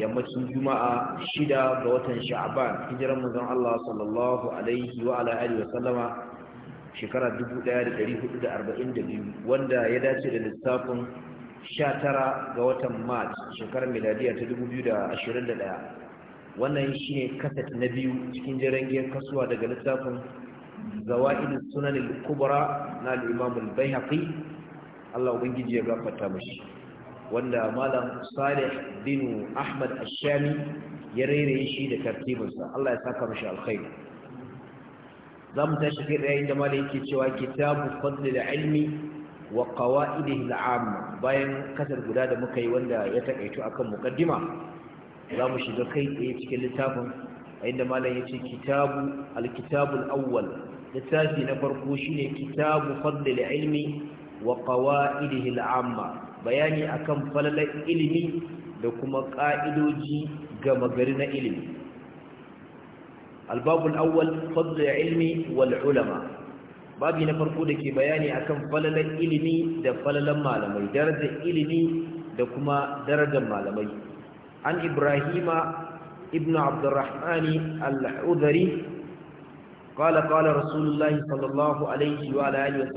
yammacin juma'a shida ga watan sha'aban hijiran manzon Allah sallallahu alaihi wa ala alihi wa sallama shekara 1442 wanda ya dace da lissafin 19 ga watan Mars shekarar miladiya ta 2021 wannan shine kasat na biyu cikin jirangiyar kasuwa daga lissafin zawaid sunan al-kubra na al-imam al-baihaqi Allah ubangiji ya gafarta mashi wanda malam salih dinu ahmad ashami ya rere shi da tartibinsa Allah ya saka mashi alkhairu za mu tashi kai tsaye da malam yake cewa kitabu fadlil ilmi wa qawaidihi al'amma bayan kasar guda da muka yi wanda ya takaitu akan muqaddima za mu shiga kai tsaye cikin littafin inda malam ya ce kitabu alkitabul awwal littafi na farko shine kitabu fadlil ilmi wa qawaidihi al'amma bayani akan falalar ilimi da kuma ƙa'idoji ga magari na ilimi albabun awwal fadlu ilmi wal'ulama ulama babi na farko da ke bayani akan falalar ilimi da falalar malamai darajar ilimi da kuma darajar malamai an ibrahima ibn abdurrahmani al-udhari قال قال رسول Sallallahu Alaihi wa عليه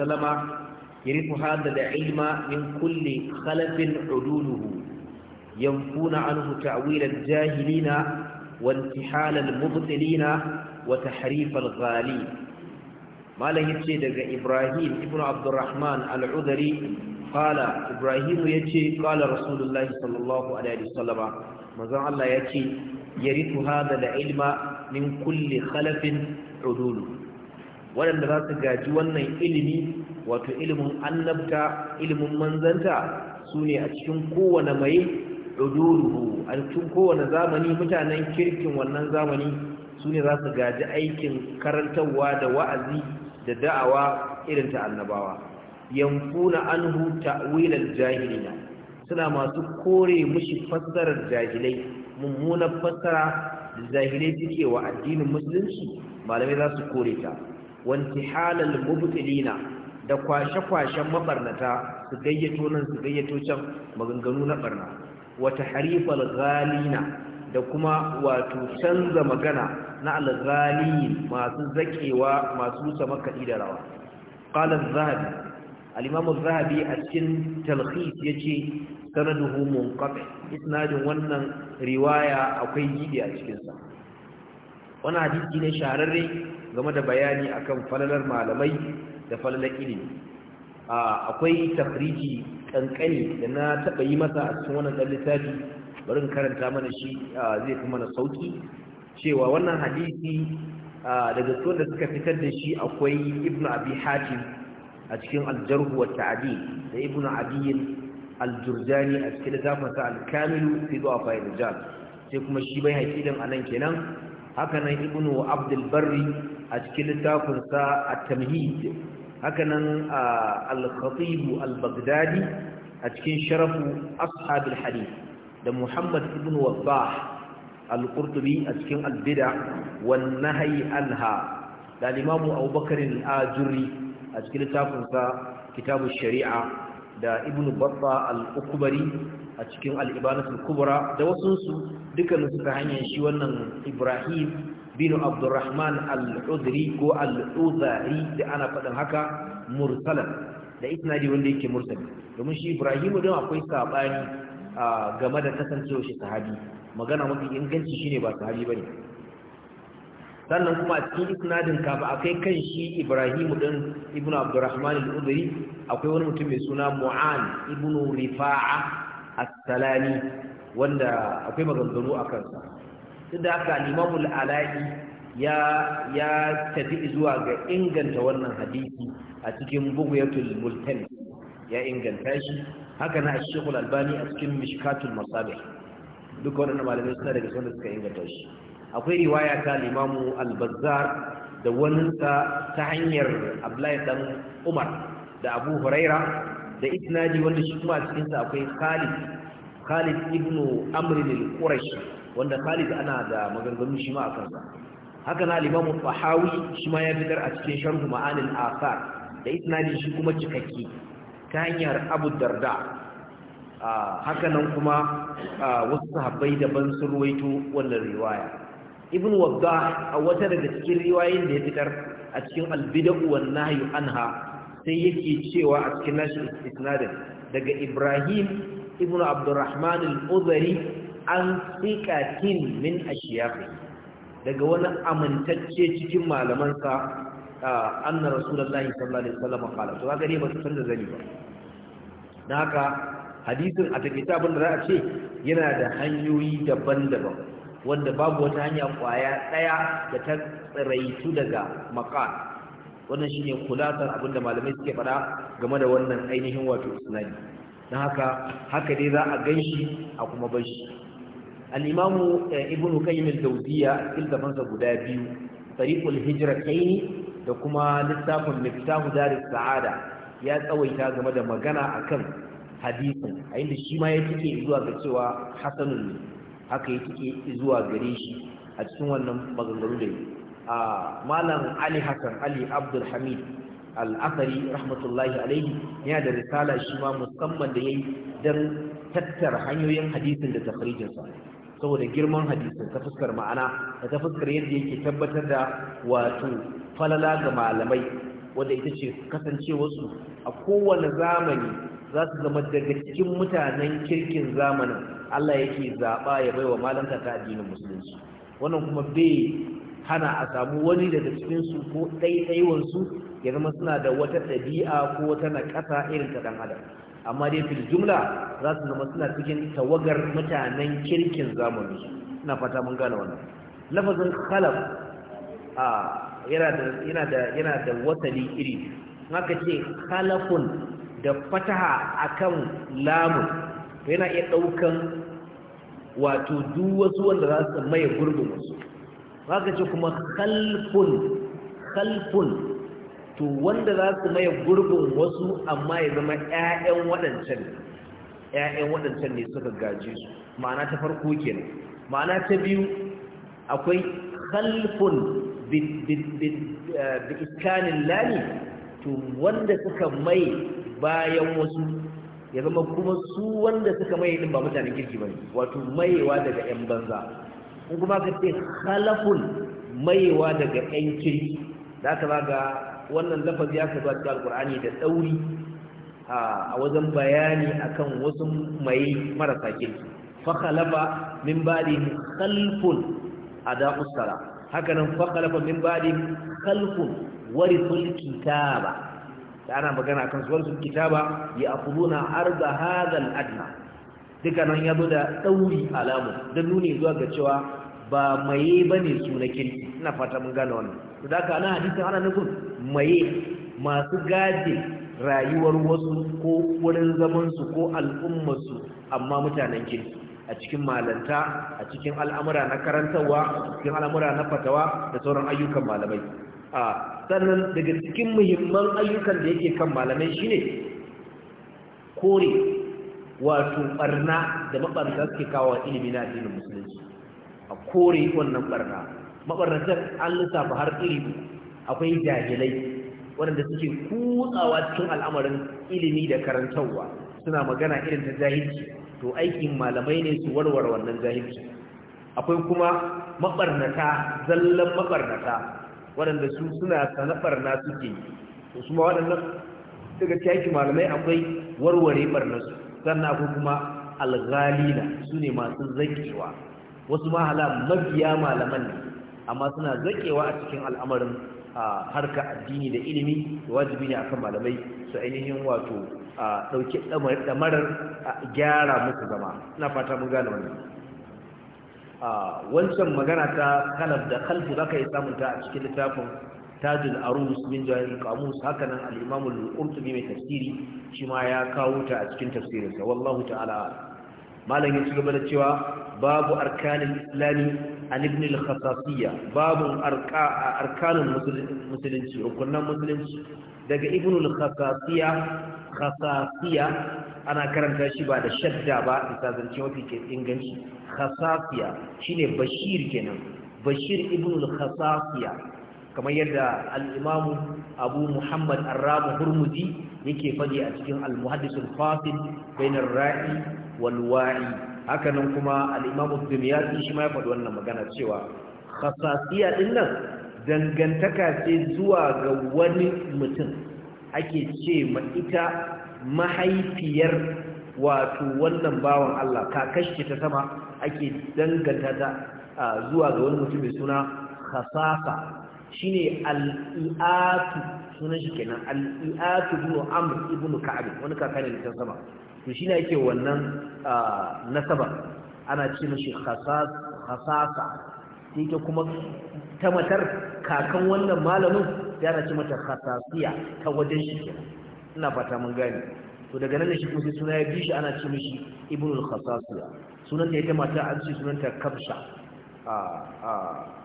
يرث هذا العلم من كل خلف عدوله ينفون عنه تعويل الجاهلين وانتحال المبطلين وتحريف الغالين ما له يتشي إبراهيم ابن عبد الرحمن العذري قال إبراهيم يتشي قال رسول الله صلى الله عليه وسلم مزان الله يتشي يرث هذا العلم من كل خلف عدوله ولن ذات جاجوانا إلمي wato ilimin annabta ilimin manzanta su ne a cikin kowane mai ɗuduruhu a cikin kowane zamani mutanen kirkin wannan zamani su ne za su gaji aikin karantarwa da wa'azi da da'awa irin ta annabawa yamfuna anhu ta'wilal jahilina suna masu kore mushi fassarar jahilai mummunar fassara da jahilai suke wa addinin musulunci malamai za su kore ta wanti halal mubtilina da kwashe-kwashen mabarnata su gayyato nan su gayyato can maganganu na barna wata harifar zalina da kuma wato canza magana na alghali masu zakewa masu rusa makaɗi da rawa ƙalar zahabi alimamun zahabi a cikin talhis ya ce sanaduhu munkaɓe isnadin wannan riwaya akwai gidi a cikinsa wani hadisi ne shahararre game da bayani akan falalar malamai da falon ilimi akwai tafriji kankani da na taɓa yi masa a cikin wannan littafi bari in karanta mana shi zai fi mana sauki cewa wannan hadisi daga tsohon da suka fitar da shi akwai ibnu abi hatim a cikin aljarhu wa ta'adi da ibnu abiyin aljurjani a cikin littafinsa alkamilu fi zuwa fa'il rijal sai kuma shi bai haƙiƙin anan kenan haka nan ibnu abdul barri a cikin littafinsa at-tamhid hakanan al-khatib al-baghdadi a cikin sharafu ashab al-hadith da muhammad ibn wabbah al a cikin albida bida wan nahyi anha da al abubakar al-ajuri a cikin littafin kitabu shari'a da ibn batta al-ukbari a cikin al-ibanat al-kubra da wasu su dukkan su ta hanyar shi wannan ibrahim bin abdurrahman al-udri ko al-udari da ana faɗin haka mursalan da isnadi wanda yake mursali domin shi ibrahimu don akwai saɓani game da kasancewa shi sahabi magana mafi inganci shine ba sahabi bane sannan kuma a cikin isnadin kafa akai kan shi ibrahimu don ibnu abdurrahman al-udri akwai wani mutum mai suna mu'an ibnu rifa'a as-salami wanda akwai maganganu a kansa. duk da haka limamul ala'i ya ya tafi zuwa ga inganta wannan hadisi a cikin bughyatul multani ya inganta shi haka na Sheikh albani a cikin Mishkatul Masabih duka wannan malamai suna daga wanda suka inganta shi akwai riwaya ta Imam al da waninsa ta hanyar Abdullahi dan Umar da Abu Huraira da isnadi wanda shi kuma cikin sa akwai Khalid Khalid ibn Amr al-Qurashi wanda Khalid ana da maganganu shi ma a kansa haka na Imam Tahawi shi ma ya fitar a cikin Sharh Ma'anil Asar. da isnadin shi kuma cikakke ta hanyar Abu Darda haka nan kuma wasu sahabbai daban sun ruwaito wannan riwaya Ibn Waddah a wata daga cikin riwayoyin da ya fitar a cikin Al-Bid'u wan anha sai yake cewa a cikin nashi isnadin daga Ibrahim ibn Abdurrahman al-Uzari an tsikatin min ashiyafi daga wani amintacce cikin malamansa anna rasulullahi sallallahu alaihi wasallam qala to san da zani ba dan haka hadisin a kitabun abin da za a ce yana da hanyoyi daban-daban wanda babu wata hanya kwaya daya da ta tsiraitu daga maqal wannan shine kulatar abinda malamai suke fada game da wannan ainihin wato sunani dan haka haka dai za a ganshi a kuma bar al-imamu ibnu qayyim al-jawziyya cikin tafansa guda biyu tariqul hijratayn da kuma littafin miftahu daris sa'ada ya tsawaita game da magana akan hadisin a inda shi ma ya tike zuwa ga cewa hasanun haka ya tike zuwa gare shi a cikin wannan maganganu da a malam ali hassan ali abdul hamid al'asari rahmatullahi alaihi yana da risala shi ma musamman da ya yi don tattara hanyoyin hadisin da takarijinsa saboda girman hadisin ta fuskar ma'ana da ta fuskar yadda yake tabbatar da wato falala ga malamai wanda ita ce kasancewarsu a kowane zamani za su zama daga cikin mutanen kirkin zamanin Allah yake zaɓa ya baiwa malanta ta addinin musulunci wannan kuma bai hana a samu wani daga cikinsu ko ɗaiɗaiwansu ya zama suna da wata ɗabi'a ko wata naƙasa irin ta ɗan adam amma dai fil jumla za su zama suna cikin tawagar mutanen kirkin zamani ina fata mun gane wannan lafazin khalaf a yana da yana da yana da wasali iri haka ce khalafun da fataha akan lamu yana iya daukan wato duk wasu wanda za su maye gurbin wasu haka ce kuma khalfun khalfun to wanda za su maye gurbin wasu amma ya zama ƴaƴan waɗancan ƴaƴan waɗancan ne suka gaji su ma'ana ta farko kenan ma'ana ta biyu akwai khalfun bi iskanin lani to wanda suka mai bayan wasu ya zama kuma su wanda suka mai din ba mutanen kirki bane wato mayewa daga 'yan banza in kuma ka ce khalafun mayewa daga yan kirki ka ba ga wannan lafazi ya kaza cikin alkur'ani da tsauri a wajen bayani akan wasu mai marasa kirki fa min ba'dihim khalfun ada'us sala haka nan fa khalafa min ba'dihim khalfun warithul kitaba da ana magana akan suwarsun kitaba ya afuduna arda hadal adna duka nan ya zo da tsauri alamu don nuni zuwa ga cewa ba maye ba ne na ina fata mun gane wannan to da ka ana hadisin ana nufin mai masu gaje rayuwar wasu ko wurin su ko al'ummarsu amma mutanen kirki a cikin malanta a cikin al'amura na karantarwa cikin al'amura na fatawa da sauran ayyukan malamai a sannan daga cikin muhimman ayyukan da yake kan malamai shine kore wato barna da mabarka suke kawo ilimi na addinin musulunci kore wannan barna mabarnatar an lissafa har iri akwai jahilai waɗanda suke kutsawa cikin al'amarin ilimi da karantarwa suna magana irin ta jahilci to aikin malamai ne su warware wannan jahilci akwai kuma mabarnata zallan mabarnata waɗanda su suna sana barna suke yi to su ma waɗannan daga cikin malamai akwai warware barnarsu sannan akwai kuma alghalina su ne masu zakewa wasu ma mabiya malaman ne amma suna zakewa a cikin al'amarin harka addini da ilimi da wajibi ne akan malamai su ainihin wato dauki damarar gyara musu zama ina fata mun gane wannan wancan magana ta kalab da kalfi zaka yi samun ta a cikin littafin tajul arus min jahil qamus haka nan al-imam al-qurtubi mai tafsiri shi ma ya kawo ta a cikin tafsirinsa wallahu ta'ala malam ya ci gaba da cewa babu arkanin islami an ibn al-khasasiyya babu arkanin musulunci rukunan musulunci daga ibn al-khasasiyya khasasiyya ana karanta shi ba da shadda ba isa zance mafi ke inganci khasasiyya shine bashir kenan bashir ibn al-khasasiyya kamar yadda al'imamu abu muhammad Hurmudi, hurmuzi yake faɗi a cikin al-muhaddisul bainar ra'i wal hakanan kuma al'imamu dumiyati shi ma ya faɗi wannan magana cewa khasasiya din nan dangantaka ce zuwa ga wani mutum ake ce ma ita mahaifiyar wato wannan bawan Allah kakashi ta sama ake danganta ta zuwa ga wani mutum mai suna khasasa shine al-i'atu sunan shi kenan al-i'atu ibn amr ibn ka'ab wani kaka ne da sama to shi ne yake wannan nasaba ana ce mishi hasasa khasasa ita kuma ta matar kakan wannan malamin ya race mata khasasiya ta wajen shi kenan ina fata mun gane to daga nan shi kuma suna ya bi shi ana ce mishi ibnul khasasiya sunan da ta mata an ce sunanta kabsha a a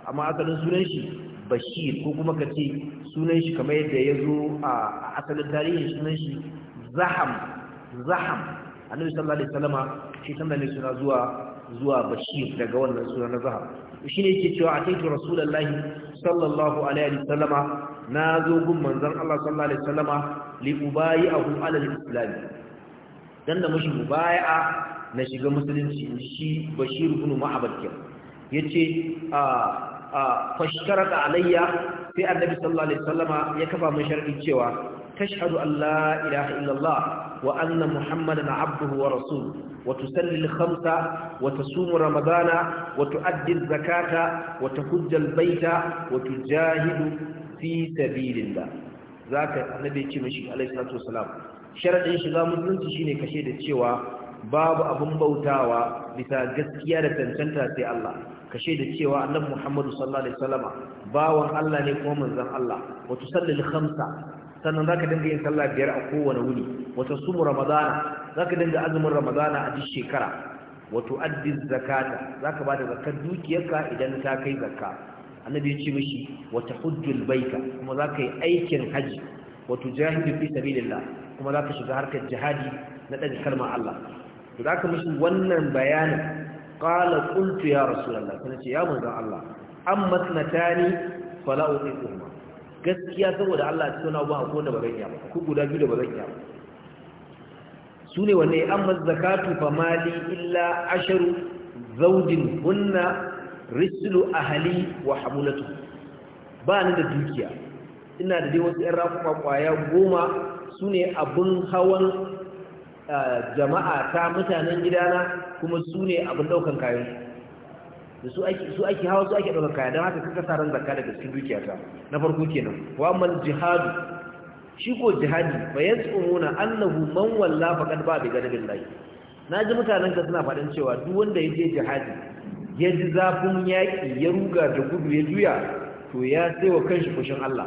amma asalin sunan shi bashir ko kuma ka ce sunan shi kamar yadda ya zo a asalin tarihin sunan shi zaham zaham annabi sallallahu alaihi wasallama shi sanda ne suna zuwa zuwa bashir daga wannan suna na zaham shi ne yake cewa ataitu rasulullahi sallallahu alaihi wasallama na zo gun manzon Allah sallallahu alaihi wasallama li ubayi ahu ala al-islam dan da mushi mubaya'a na shiga musulunci shi bashir ibn ma'abad kenan yace a ah, fashtarata alayya sai annabi sallallahu alaihi wasallama ya kafa mun sharadi cewa tashhadu an la ilaha illallah wa anna muhammadan abduhu wa rasul, wa tusalli al-khamsa wa tasumu ramadana wa tuaddi zakata wa tahujja al-baita wa tujahidu fi sabilillah zaka annabi ce mishi alaihi salatu wasalam sharadin shiga musulunci shine kashe da cewa babu abun bautawa bisa gaskiya da tantanta sai Allah kashe da cewa annabi Muhammadu sallallahu alaihi wasallama bawan Allah ne kuma manzon Allah wata tusalli hamsa Sannan za zaka dinga yin sallah biyar a kowane wuni wata sumu ramadana ka dinga azumin ramadana a duk shekara wa addin zakata zaka bada zakar dukiyarka idan ta kai zakka annabi ya ce mishi Wata tahujjul baita kuma ka yi aikin haji Wato tujahidu fi sabilillah kuma zaka shiga harkar jihadi na daga kalmar Allah to zaka mishi wannan bayanin qala qultu ya rasulullah kana ce ya manzon Allah amma tsanatani fala kuma gaskiya saboda Allah cikin abu a kowanne ba zan iya ba ku guda biyu da ba zan iya su ne wanne amma zakatu fa mali illa asharu zaujin hunna rislu ahali wa hamulatu ba ni da dukiya ina da dai wasu 'yan rafuka kwaya goma su ne abin hawan jama'a ta mutanen gidana kuma su ne abin daukan kayan da su ake hawa su ake daukan kaya don haka kaka saran zakka daga cikin dukiyata na farko kenan wa man jihadu shi ko jihadi fa yasumuna annahu man walla faqad ba bi layi. Na ji mutanen ka suna faɗin cewa duk wanda ya je jihadi ya ji zafin yaƙi ya ruga da gudu ya juya to ya sai wa kanshi fushin Allah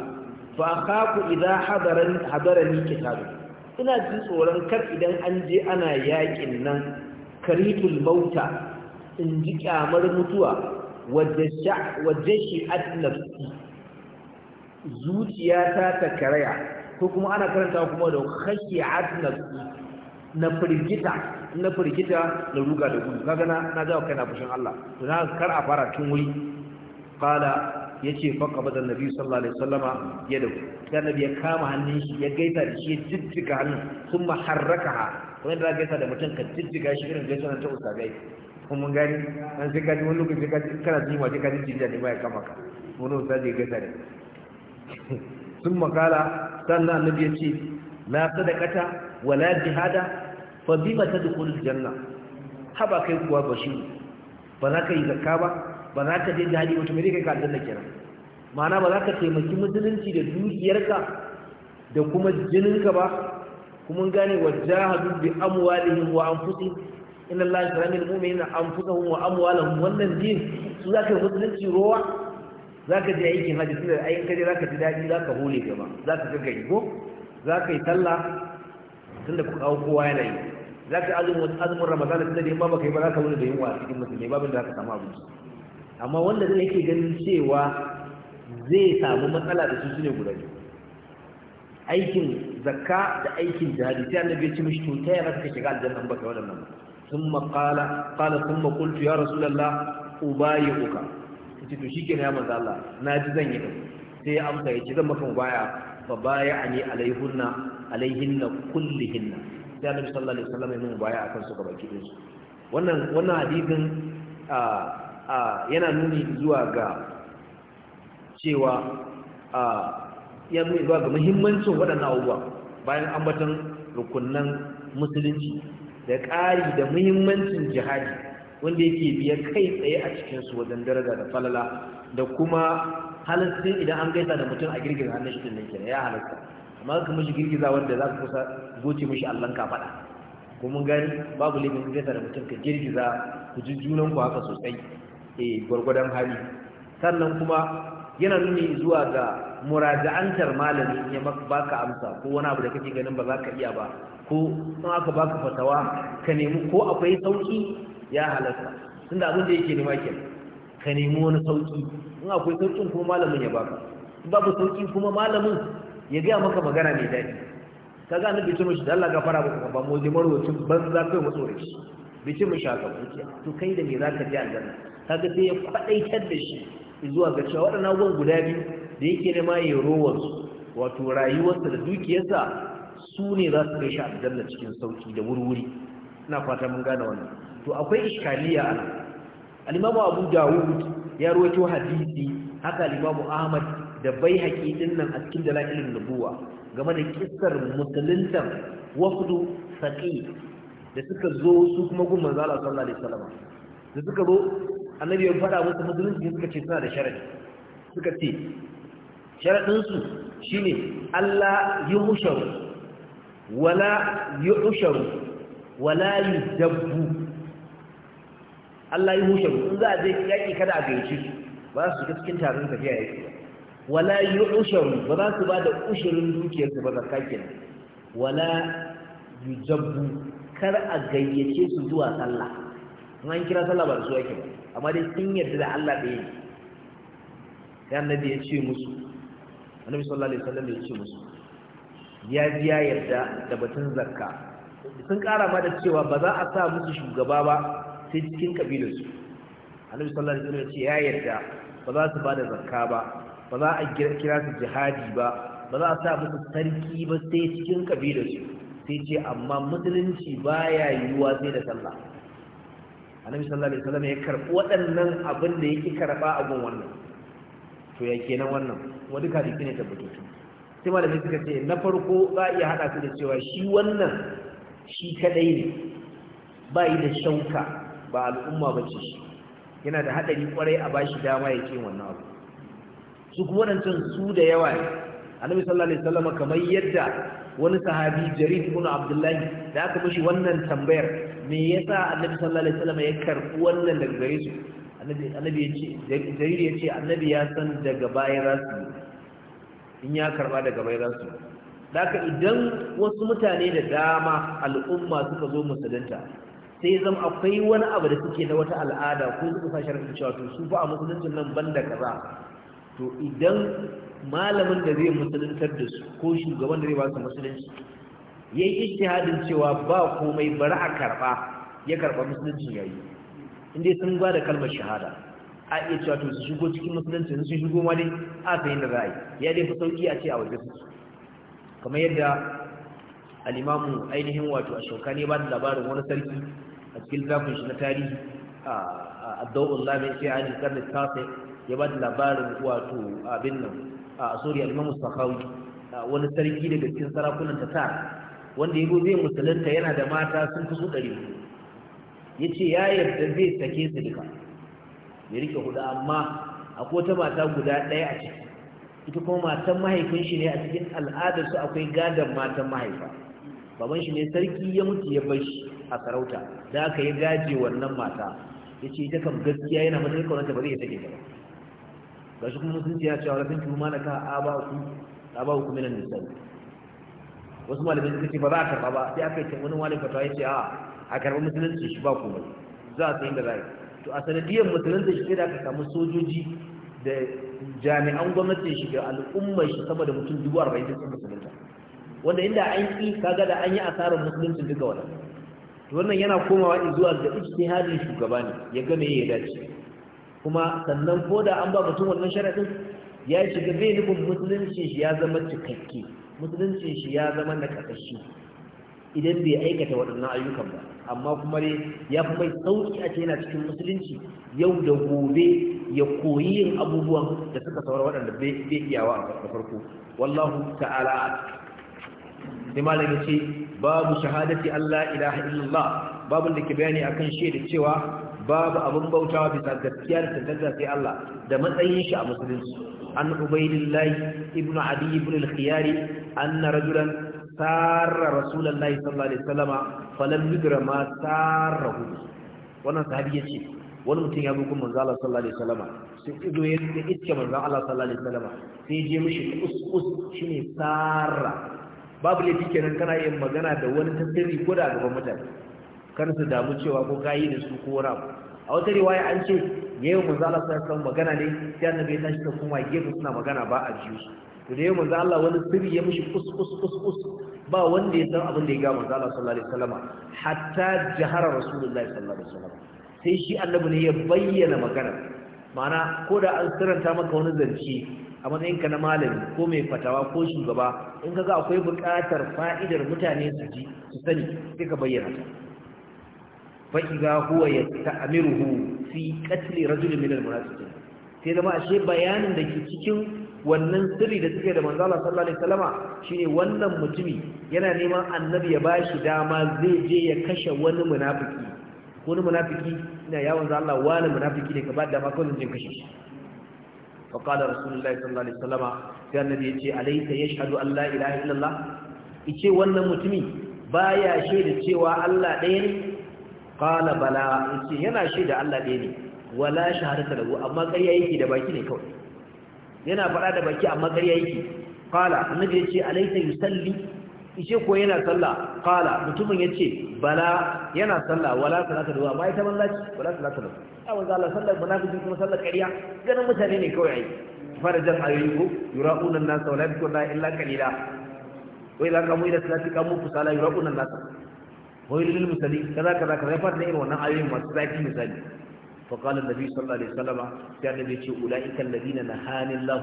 fa kaku idan hadarani kitabu ina jin tsoron kar idan an je ana yakin nan karitul mauta in ji kyamar mutuwa waje shi nafsi zuciya ta ta karaya ko kuma ana karanta kuma da khashi'at nafsi na firgita na firgita ruga da gudu kaga na na jawo na fushin Allah to kar a fara tun wuri Ya yace fa qabada annabi sallallahu alaihi wasallama yadu sai annabi ya kama hannun shi ya gaita da shi ya jijjiga hannun maharraka harrakaha Wani da gaita da mutum ka jijjiga shi irin gaisuwa ta ustagai kuma mun gani an sai ka wani lokaci ka kana ji ma ka ji jijjiga ne ya kama ka wani ustagai ya gaita da sun makala sannan annabi ya ce la sadaqata wala jihada fa bima tadkhulul janna haba kai kuwa bashiru ba za ka yi zakka ba ba za ka je jihadi to mai kai ka aljanna kenan ma'ana ba za ka taimaki musulunci da dukiyarka da kuma jininka ba kuma gane wa jahadu bi amwalihim wa anfusihim inna allaha yasra min mu'minina anfusahum wa amwalahum wannan din su za ka musulunci rowa za ka je aikin hajji tunda ka je za ka ji daɗi za ka hole gaba za ka gaggari ko za ka yi sallah tunda ku kawo kowa yana yi za ka azumin azumin ramadana tunda da ba ka yi ba za ka wuni da yunwa a cikin musulmi babin da za ka samu abinci amma wanda zai yake ganin cewa zai samu matsala da su su ne guda biyu aikin zakka da aikin jihadi sai annabi ya ci mishi to ta yana ka shiga aljanna in baka wannan ba thumma qala qala thumma qultu ya rasulullah ubayyuka kace to shikenan ya manzo Allah na ji zan yi sai ya amsa ya yace zan maka baya fa bayani alaihunna alaihinna kullihinna sai annabi sallallahu alaihi wasallam ya mun baya akan su gaba kidin su wannan wannan hadisin ah, yana nuni zuwa ga cewa ya nuni zuwa ga muhimmancin waɗannan abubuwa bayan ambatan rukunan musulunci da ƙari da muhimmancin jihadi wanda yake biya kai tsaye a cikinsu wajen daraja da falala da kuma halasta idan an gaisa da mutum a girgiza hannun shi nan kenan ya halitta amma ka mishi girgiza wanda za ka kusa goce mishi allon kafaɗa, faɗa ko mun gani babu laifin gaisa da mutum ka girgiza ku ji junan ku haka sosai eh gwargwadon hali sannan kuma yana nuni zuwa ga muraja'antar malami ya baka amsa ko wani abu da kake ganin ba za ka iya ba ko sun aka baka fatawa ka nemi ko akwai sauki ya halatta da abin da yake nema ke ka nemi wani sauki in akwai saukin kuma malamin ya baka in babu sauki kuma malamin ya gaya maka magana mai daɗi ka ga annabi ce mishi da Allah gafara ba ba mu ji marwacin banza kai mu tsore shi bi ce mishi haka to kai da me za ka je aljanna kaga sai ya faɗaitar da shi zuwa ga cewa waɗannan abubuwan guda biyu da yake nema ya rowarsu wato rayuwarsa da dukiyarsa su ne za su kai shi aljanna cikin sauki da wurwuri ina fata mun gane wannan to akwai iskaliya a nan. alimamu abu dawud ya rawaito hadisi haka Alimamu ahmad da haƙi din nan a cikin dalailin nubuwa game da kissar musulunta wafdu saƙi da suka zo su kuma gun zala sallallahu alaihi wasallam da suka zo annabi ya fada musu musulunci suka ce suna da sharadi suka ce sharadinsu shine Allah yi husharu wala yi usharu wala yi dabbu Allah yi husharu in za a je yaƙi kada a su ba su ga cikin taron tafiya yaƙi wala yi usharu ba za su ba da ushirin dukiyarsu ba zakka kenan wala yi dabbu kar a gayyace su zuwa sallah in an kira sallah ba da su yake ba amma dai sun yarda da Allah ɗaya ne sai annabi ya ce musu annabi sallallahu alaihi wasallam ya ce musu ya ji ya yarda da batun zakka sun ƙara ma da cewa ba za a sa musu shugaba ba sai cikin kabilarsu annabi sallallahu alaihi wasallam ya ce ya yarda ba za su ba da zakka ba ba za a kira su jihadi ba ba za a sa musu sarki ba sai cikin kabilarsu sai ce amma musulunci baya yiwuwa sai da sallah annabi sallallahu alaihi wasallam ya karbi waɗannan abin da yake karba a gun wannan to ya kenan wannan wani hadisi ne tabbatutu sai malamai suka ce na farko za a iya haɗa su da cewa shi wannan shi kadai ne ba yi da shauka ba al'umma ba ce shi yana da haɗari kwarai a bashi dama ya ce wannan abu su kuma waɗancan su da yawa ne annabi sallallahu alaihi wasallam kamar yadda wani sahabi jarir ibn abdullahi da aka mishi wannan tambayar me yasa annabi sallallahu alaihi wasallam ya karbi wannan daga gare su annabi annabi ya ce jarir ya ce annabi ya san daga baya za su in ya karba daga baya za su idan wasu mutane da dama al'umma suka zo musulunta sai zama akwai wani abu da suke na wata al'ada ko suka sa sharafin cewa to su fa a musuluncin nan banda kaza to idan malamin da zai musuluntar da su ko shugaban da zai ba su musulunci ya yi ishtihadin cewa ba komai bari a karɓa ya karɓa musulunci ya yi inda sun gwada kalmar shahada a iya cewa to su shigo cikin musulunci sun shigo ma dai a sayin da ra'ayi ya dai fi sauki a ce a waje su kamar yadda alimamu ainihin wato a shauka ne ba da labarin wani sarki a cikin zafin shi na tarihi a da'ul lamin sai a yi karni ya ba da labarin wato abin nan a sori imam wani sarki daga cikin sarakunan ta tatar wanda ya zai musulunta yana da mata sun fi su ɗari ce ya yarda zai sake su duka ya rike hudu amma akwai wata mata guda ɗaya a ciki ita kuma matan mahaifin shi ne a cikin al'adarsu akwai gadon matan mahaifa baban shi ne sarki ya mutu ya bar shi a sarauta da aka yi gaje wannan mata ya ce ita kam gaskiya yana matuƙar ta ba zai sake ta ba ga shi kuma sun ya cewa rafin kuma na ka ba ku minan nisan wasu malamai suka ce ba za a karɓa ba sai aka yi wani wani fatawa ya ce a a karɓa musulunci shi ba kuma za a sayin da za to a sanadiyar musulunci shi da aka samu sojoji da jami'an gwamnati shi da al'ummar shi sama da mutum dubu arba'in da suka musulunta wanda inda an yi kaga da an yi asarar musulunci duka wannan to wannan yana komawa zuwa ga ijtihadin shugaba ne ya gane ya dace kuma sannan ko da an ba mutum wannan sharaɗin ya shiga bai nufin musulunci shi ya zama cikakke musulunci shi ya zama na ƙasashe idan bai aikata waɗannan ayyukan ba amma kuma dai ya fi mai sauƙi a yana cikin musulunci yau da gobe ya koyi yin abubuwan da suka saura waɗanda bai iyawa a farko wallahu ta'ala sai malam ce babu shahadati Allah ilaha illallah babu da ke bayani akan shaida cewa babu abun bauta bisa gaskiya da tantance sai Allah da matsayin shi a musulunci an ubaydillahi ibnu adi ibn al-khiyari anna rajulan sarra rasulullahi sallallahu alaihi wasallama falam yudra ma sarrahu wannan sahabi yace wani mutum ya bugun manzo Allah sallallahu alaihi wasallama sai ido ya iske manzo Allah sallallahu alaihi wasallama sai je mishi us us shine sarra babu laifi kenan kana yin magana da wani tasiri ko da gaban mutane kar su damu cewa ko kayi da su ko wara a wata riwaya an ce yayin manzo Allah sai san magana ne sai annabi ya tashi ta kuma gefe suna magana ba a jiyu. to da yayin manzo Allah wani sirri ya mishi kus kus kus kus ba wanda ya san abin da ya ga manzo Allah sallallahu alaihi wasallam hatta jahara rasulullahi sallallahu alaihi wasallam sai shi annabi ne ya bayyana magana ma'ana ko da an siranta maka wani zance a matsayinka na malami ko mai fatawa ko shugaba in ka ga akwai buƙatar fa'idar mutane su ji su sani sai ka bayyana ta fa idza huwa yasta'miruhu fi qatl rajul min al-munafiqin sai zama ashe bayanin da ke cikin wannan sirri da suke da manzo Allah sallallahu alaihi wasallama shine wannan mutumi yana neman annabi ya shi dama zai je ya kashe wani munafiki Wani munafiki ina yawon za Allah wani munafiki ne ka ba dama kawai jin kashe shi fa qala rasulullahi sallallahu alaihi wasallama sai annabi yace alaysa yashhadu an la ilaha illallah yace wannan mutumi baya shaida cewa Allah yana shaida Allah ɗaya ne wala shahadata lahu amma ƙarya yake da baki ne kawai yana faɗa da baki amma ƙarya yake yace ishe ko yana sallah kala mutumin ya ce bala yana sallah wala salata da ba ita mallaci wala salata da a wanzu Allah sallar munafiki kuma sallar ƙarya ganin mutane ne kawai ai fara jan ayoyi ko yura'una an-nas wa la yakuna illa kalila wai la qamu ila salati qamu kusala yura'una an-nas wa lil musali kaza kaza kaza fa da irin wannan ayoyin masu zaki misali fa qala an-nabi sallallahu alaihi wasallam ya nabi ce ulaika alladhina nahani Allah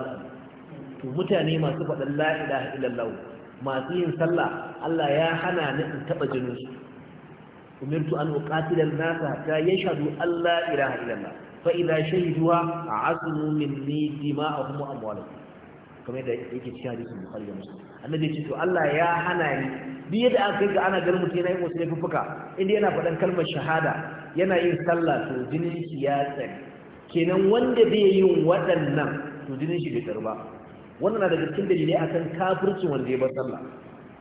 to mutane masu fadan la ilaha illallah masu yin sallah Allah ya hana ni in taba jinin su umirtu an uqatila an-nas hatta yashhadu an la ilaha illallah fa idha shahiduha asmu minni dima'ahum wa amwalahum kamar da yake cikin hadisin bukhari da muslim annabi ya ce to Allah ya hana ni duk yadda aka ga ana ganin mutum yana yin wasu laifuka, inda yana faɗan kalmar shahada yana yin sallah to jinin shi ya tsare kenan wanda bai yin waɗannan to jinin shi bai tsare ba wannan na daga cikin dalilai akan kafircin wanda ya bar sallah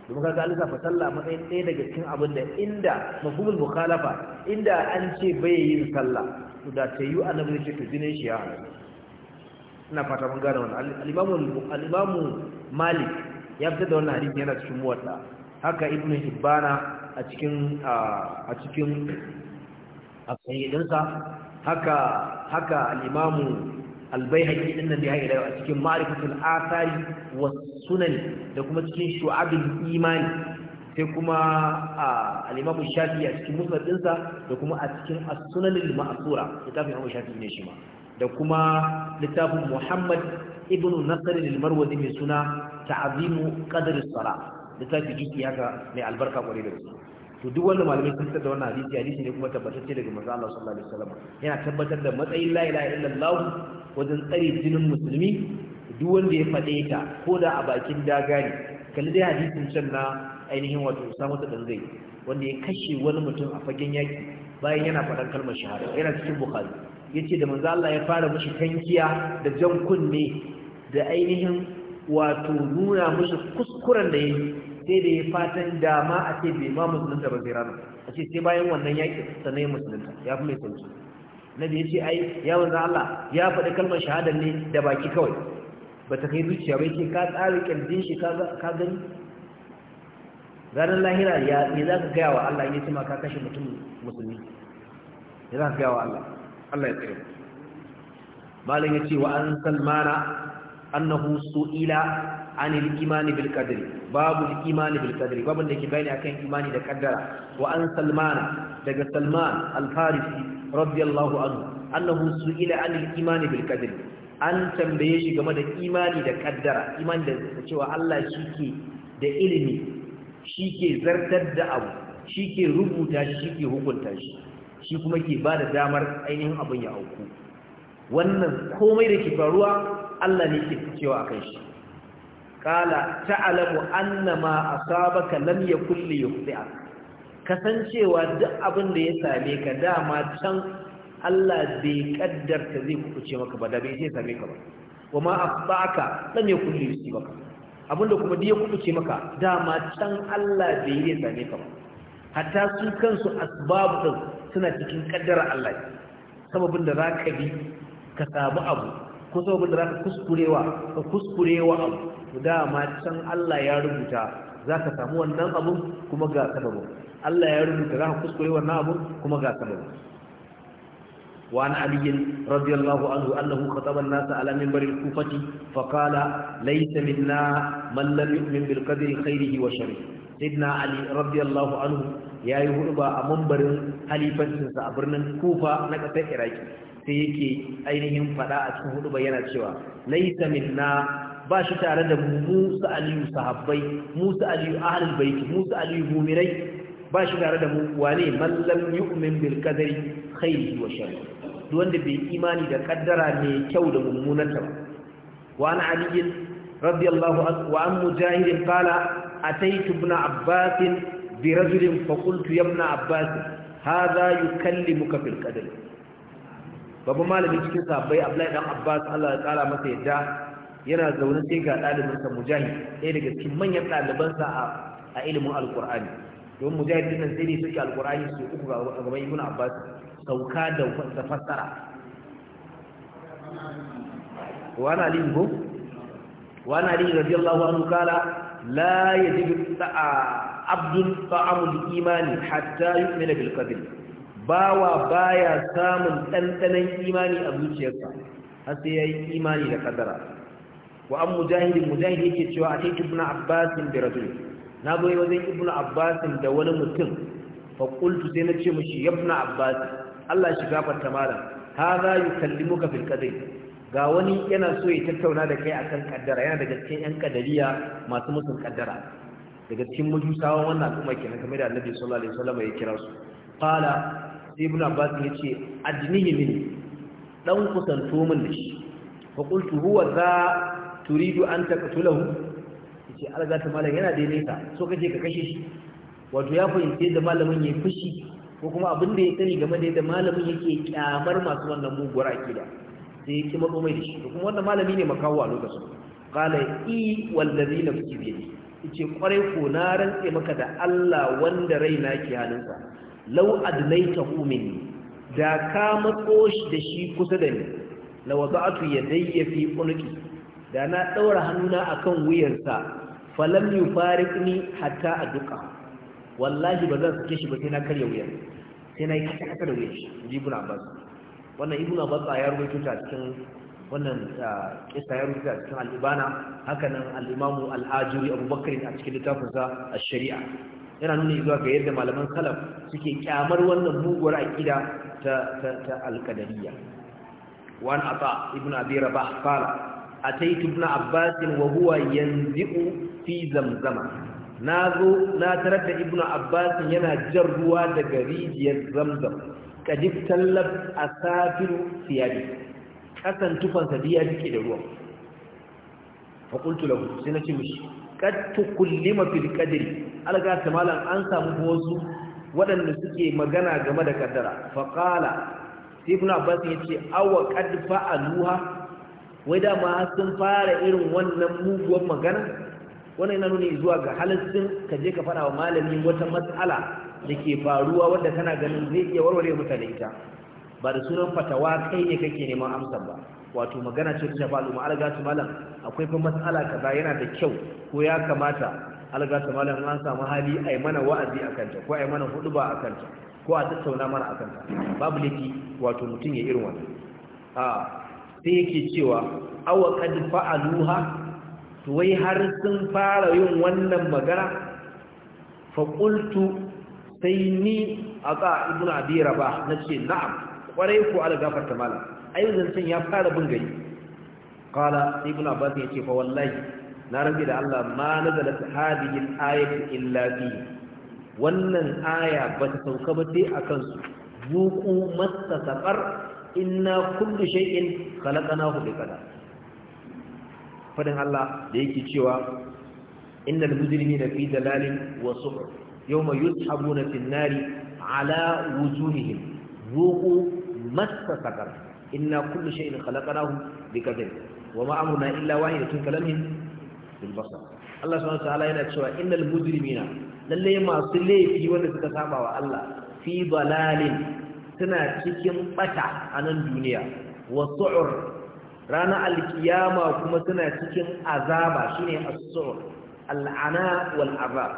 domin kaga an lissafa sallah matsayin ɗaya daga cikin abin da inda mafhumul mukhalafa inda an ce bai yin sallah to da ta yi annabi ne ce ta jinin shi ya ina fata mun gane wannan al-imamu malik ya fitar da wannan hadisi yana cikin muwatta haka ibnu hibbana a cikin a cikin a haka haka al haƙi ɗin nan da ya ila a cikin ma'rifatul Asari wa sunan da kuma cikin shu'abul imani sai kuma al-imamu shafi'i a cikin musnad ɗinsa da kuma a cikin as-sunan littafin imamu shafi'i ne shi ma da kuma littafin muhammad ibn nasr al-marwazi mai suna ta'azimu qadr as littafi jiki haka mai albarka kwarai da gaske to duk wanda malamai sun tsada wannan hadisi hadisi ne kuma tabbatacce daga manzo Allah sallallahu alaihi wasallam yana tabbatar da matsayin la ilaha illallah wajen tsare jinin musulmi duk wanda ya fade ta ko da a bakin daga ne kalli dai hadisin can na ainihin wato Usama ɗan zai wanda ya kashe wani mutum a fagen yaki bayan yana faɗan kalmar shahada yana cikin Ya ce da manzo Allah ya fara mishi tankiya da jan kunne da ainihin wato nuna mishi kuskuren da ya yi sai da ya fatan dama a ce bai ma musulunta ba zai rana a ce sai bayan wannan yaƙi sannan ya musulunta ya fi mai sauki da ya ce ai ya wanzan Allah ya faɗi kalmar shahadar ne da baki kawai ba ta kai zuciya bai ce ka tsari ƙirjin shi ka gani ranar lahira ya ne za ka gaya wa Allah ya ce ma ka kashe mutum musulmi ya za ka gaya wa Allah Allah ya tsira. malam ya ce wa an salmana annahu su'ila anil imani bil qadri babu imani bil qadri babu da ke bayani akan imani da kaddara wa an salmana daga salman al-farisi radiyallahu anhu annahu su'ila anil imani bil qadri an tambaye shi game da imani da ƙaddara, imani da cewa Allah shike da ilimi shike zartar da abu shike rubuta shi shike hukunta shi shi kuma ke ba da damar ainihin abin ya auku wannan komai da ke faruwa Allah ne ke a akan shi kala alamu annama asabaka lam yakul li yukhti'a kasancewa duk abin da ya same ka dama can Allah bai kaddarta zai kuce maka ba da bai sai same ka ba kuma afbaka lam yakul li yusibaka abinda kuma duk ya kuce maka dama can Allah bai yi same ka ba hatta su kansu asbabu suna cikin kaddara Allah sababin da zaka bi ka samu abu ko sababin da zaka kuskurewa ka kuskurewa abu Guda dama can Allah ya rubuta za ka samu wannan abun kuma ga sababin Allah ya rubuta za ka kuskure wannan abun kuma ga sababin وعن علي رضي الله عنه أنه خطب الناس على منبر الكوفة فقال ليس منا من لم يؤمن بالقدر خيره وشره سيدنا علي رضي الله عنه ya yi hurba a mambarin halifancinsa a birnin kufa na ƙasar iraki sai yake ainihin faɗa a cikin hurba yana cewa laisa na. ba shi tare da musu aliyu sahabbai musu aliyu ahlul baiti musu aliyu mumirai ba shi tare da mu wane man lam yu'min bil qadari khairi wa wanda bai imani da kaddara mai kyau da mummunan ta wa an ali radiyallahu anhu wa an mujahid qala ataitu ibn Abbasin bi rajulin fa qultu ya ibn abbas hadha yukallimuka babu malami cikin sahabbai abdullahi dan abbas Allah ya kara masa yadda yana zaune sai ga ɗalibinsa mujahid sai daga cikin manyan ɗalibansa a ilimin alkur'ani don mujahid ɗin nan sai ne suke alkur'ani su uku ga gaban ibn abbas sauka da fassara wa na lin go wa na lin radiyallahu anhu kala la yajibu ta'a abdun ta'amu li imani hatta yu'mina bil qadr bawa baya samun dandanan imani a zuciyarsa har sai yayi imani da qadara wa an mujahidin mujahid yake cewa a cikin ibn abbasin da rajul na zo wajen ibn abbasin da wani mutum Faƙultu sai na ce mishi ya ibn abbas Allah shi gafarta malam hadha yukallimuka fil qadar ga wani yana so ya tattauna da kai akan kaddara yana daga cikin yan kadariya masu musun kaddara daga cikin mujusawan wannan al'umma kenan kamar da Annabi sallallahu alaihi wasallam ya kira su qala ibn abbas yace ajnihi min dan kusanto min da shi Faƙultu huwa za turidu an taqtulahu yace alga ta malam yana daidai ka so kace ka kashe shi wato ya fahimci yadda malamin yayi fushi ko kuma abin da ya tsani game da yadda malamin yake kyamar masu wannan muguwar akida sai ya ki matso da shi To kuma wannan malami ne makawo a lokacin qala i wallazi nafsi bi yadi yace kwarai ko na rantse maka da Allah wanda raina ke halinsa law adlaitahu minni da ka matso shi da shi kusa da ni la wada'tu yadayya fi unqi da na ɗaura hannuna akan wuyarsa falam yufariqni hatta duka. wallahi ba zan sake shi ba sai na karya wuyar sai na yi kasa kasa da wuyar shi ibn abbas wannan ibn abbas ya rubuta cikin wannan kisa ya rubuta a cikin al'ibana hakanan al'imamu al'ajiri abubakar a cikin littafinsa a shari'a yana nuna zuwa ga yadda malaman salaf suke kyamar wannan muguwar aƙida ta Alkadariya. wani ata ibn abi rabah fara ataitu ibn abbas wa huwa yanzi'u fi zamzama nazo na tarar da ibn abbas yana jar ruwa daga rijiyar zamzam kadif tallab asafiru siyabi kasan tufansa biya yake da ruwa fa qultu lahu kad tukullima fil qadri alga ta an samu wasu waɗanda suke magana game da kaddara fa qala ibn abbas yace awa qad fa'aluha wai dama sun fara irin wannan muguwan magana wannan yana nuni zuwa ga halittun ka je ka fara wa malami wata matsala da ke faruwa wadda kana ganin zai iya warware mutane ita ba da sunan fatawa kai ne kake neman amsa ba wato magana ce ta al'umma algatu malam akwai fa matsala kaza yana da kyau ko ya kamata algatu malam an samu hali a yi mana wa'azi a kanta, ko a yi mana ba a kanta, ko a tattauna mana a kanta. babu laifi wato mutum ya irin wannan ah, sai yake cewa awa kad fa'aluha to wai har sun fara yin wannan magana fa qultu sai ni aka ibnu abi rabah nace na'am kwarai ku gafarta malam ai zancin ya fara bin gari qala ibnu abbas yace fa wallahi na rabi da Allah ma nazalat hadhihi al-ayatu illa bi wannan aya ba ta sauka ba sai akan su Buku masa safar. inna kullu shay'in khalaqnahu bi qadar Allah da yake cewa innal mujrimina fi dalalin wa su'ur yawma yushabuna fin nari ala wujuhihim ذوقوا مس سقر إنا كل شيء خلقناه بقدر وما أمرنا إلا واحدة كلمهم بالبصر الله سبحانه وتعالى يقول إن المجرمين masu laifi wanda suka ولد تسابع الله في ضلال suna cikin bata a nan duniya wasu'ur Rana alkiyama kuma suna cikin azaba shine as-su'ur al'ana wal azab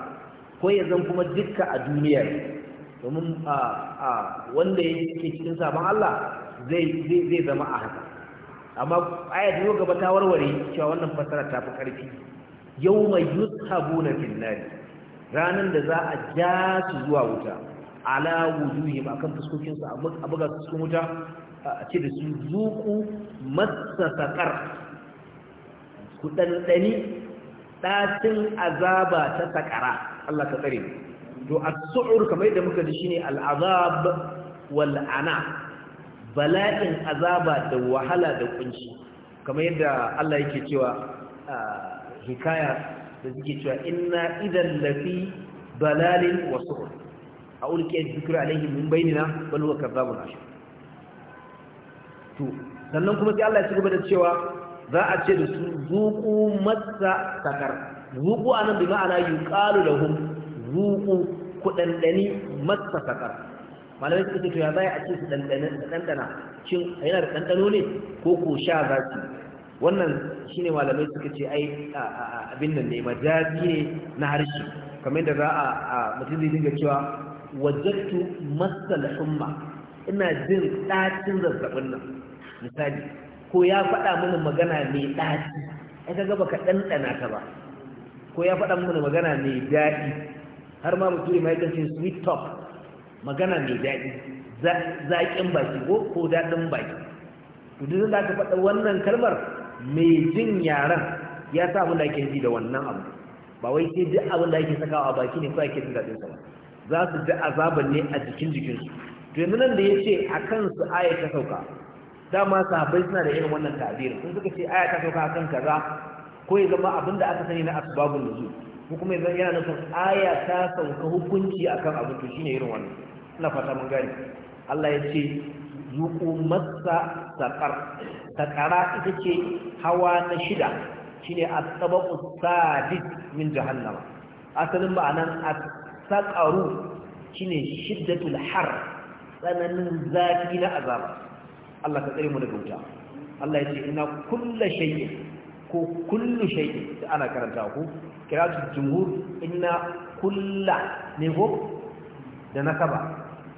ko zan kuma dukka a duniyar domin a a wanda yake cikin sabon Allah zai zama a haka amma ayat yau gaba ta warware cewa wannan fasara ta fi karfi yawma yushabuna fil nar ranan da za a ja su zuwa wuta ala wujuhim akan fuskokin su a buga su cikin wuta a ce da su zuku massa sakar ku dandani ɗacin azaba ta sakara Allah ka tsare to a suur kamar yadda muka ji shine al wal ana bala'in azaba da wahala da kunci kamar yadda Allah yake cewa hikaya da suke cewa inna idan lafi balalin wasu a ulqiyat dhikru alayhi min bainina bal huwa kadhabun ashir to sannan kuma sai Allah ya ci da cewa za a ce da su zuqu matsa sakar zuqu anan bi ma'ana yuqalu lahum zuqu ku dandani matsa sakar malamai suka ce to ya za a ce su dandana shin yana da dandano ne ko ko sha za su wannan shine malamai suka ce ai abin nan ne majazi ne na harshe kamar da za a mutum zai dinga cewa wajattu masal humma ina jin ɗacin zazzabin nan misali ko ya faɗa mini magana mai ɗaci ai kaga baka ɗanɗana ta ba ko ya faɗa mini magana mai daɗi har ma mutum ma yakan ce sweet talk magana mai daɗi zaƙin baki ko ko daɗin baki to duk da aka faɗa wannan kalmar mai jin yaran ya sa abin da ake ji da wannan abu ba wai sai duk abin da ake sakawa a baki ne ko ake jin daɗin ba za su ji azaban ne a jikin jikinsu to yanzu nan da ya ce a kansu aya ta sauka dama sahabbai suna da irin wannan tabirin sun suka ce aya ta sauka a kan kaza ko ya zama abin da aka sani na asbabun nuzul ko kuma yanzu yana nufin aya ta sauka hukunci akan abin to shine irin wannan ina fata mun gani. Allah ya ce zuqu masa saƙar saƙara ita ce hawa na shida shine at-tabaqu sadid min jahannama asalin ma'anan saƙaru shine shiddatul har tsananin zafi na azaba Allah ka tsare mu daga wuta Allah ya ce ina kulla shay'in ko kullu shay'in da ana karanta ku kiratul jumhur inna kulla ne ko da na nasaba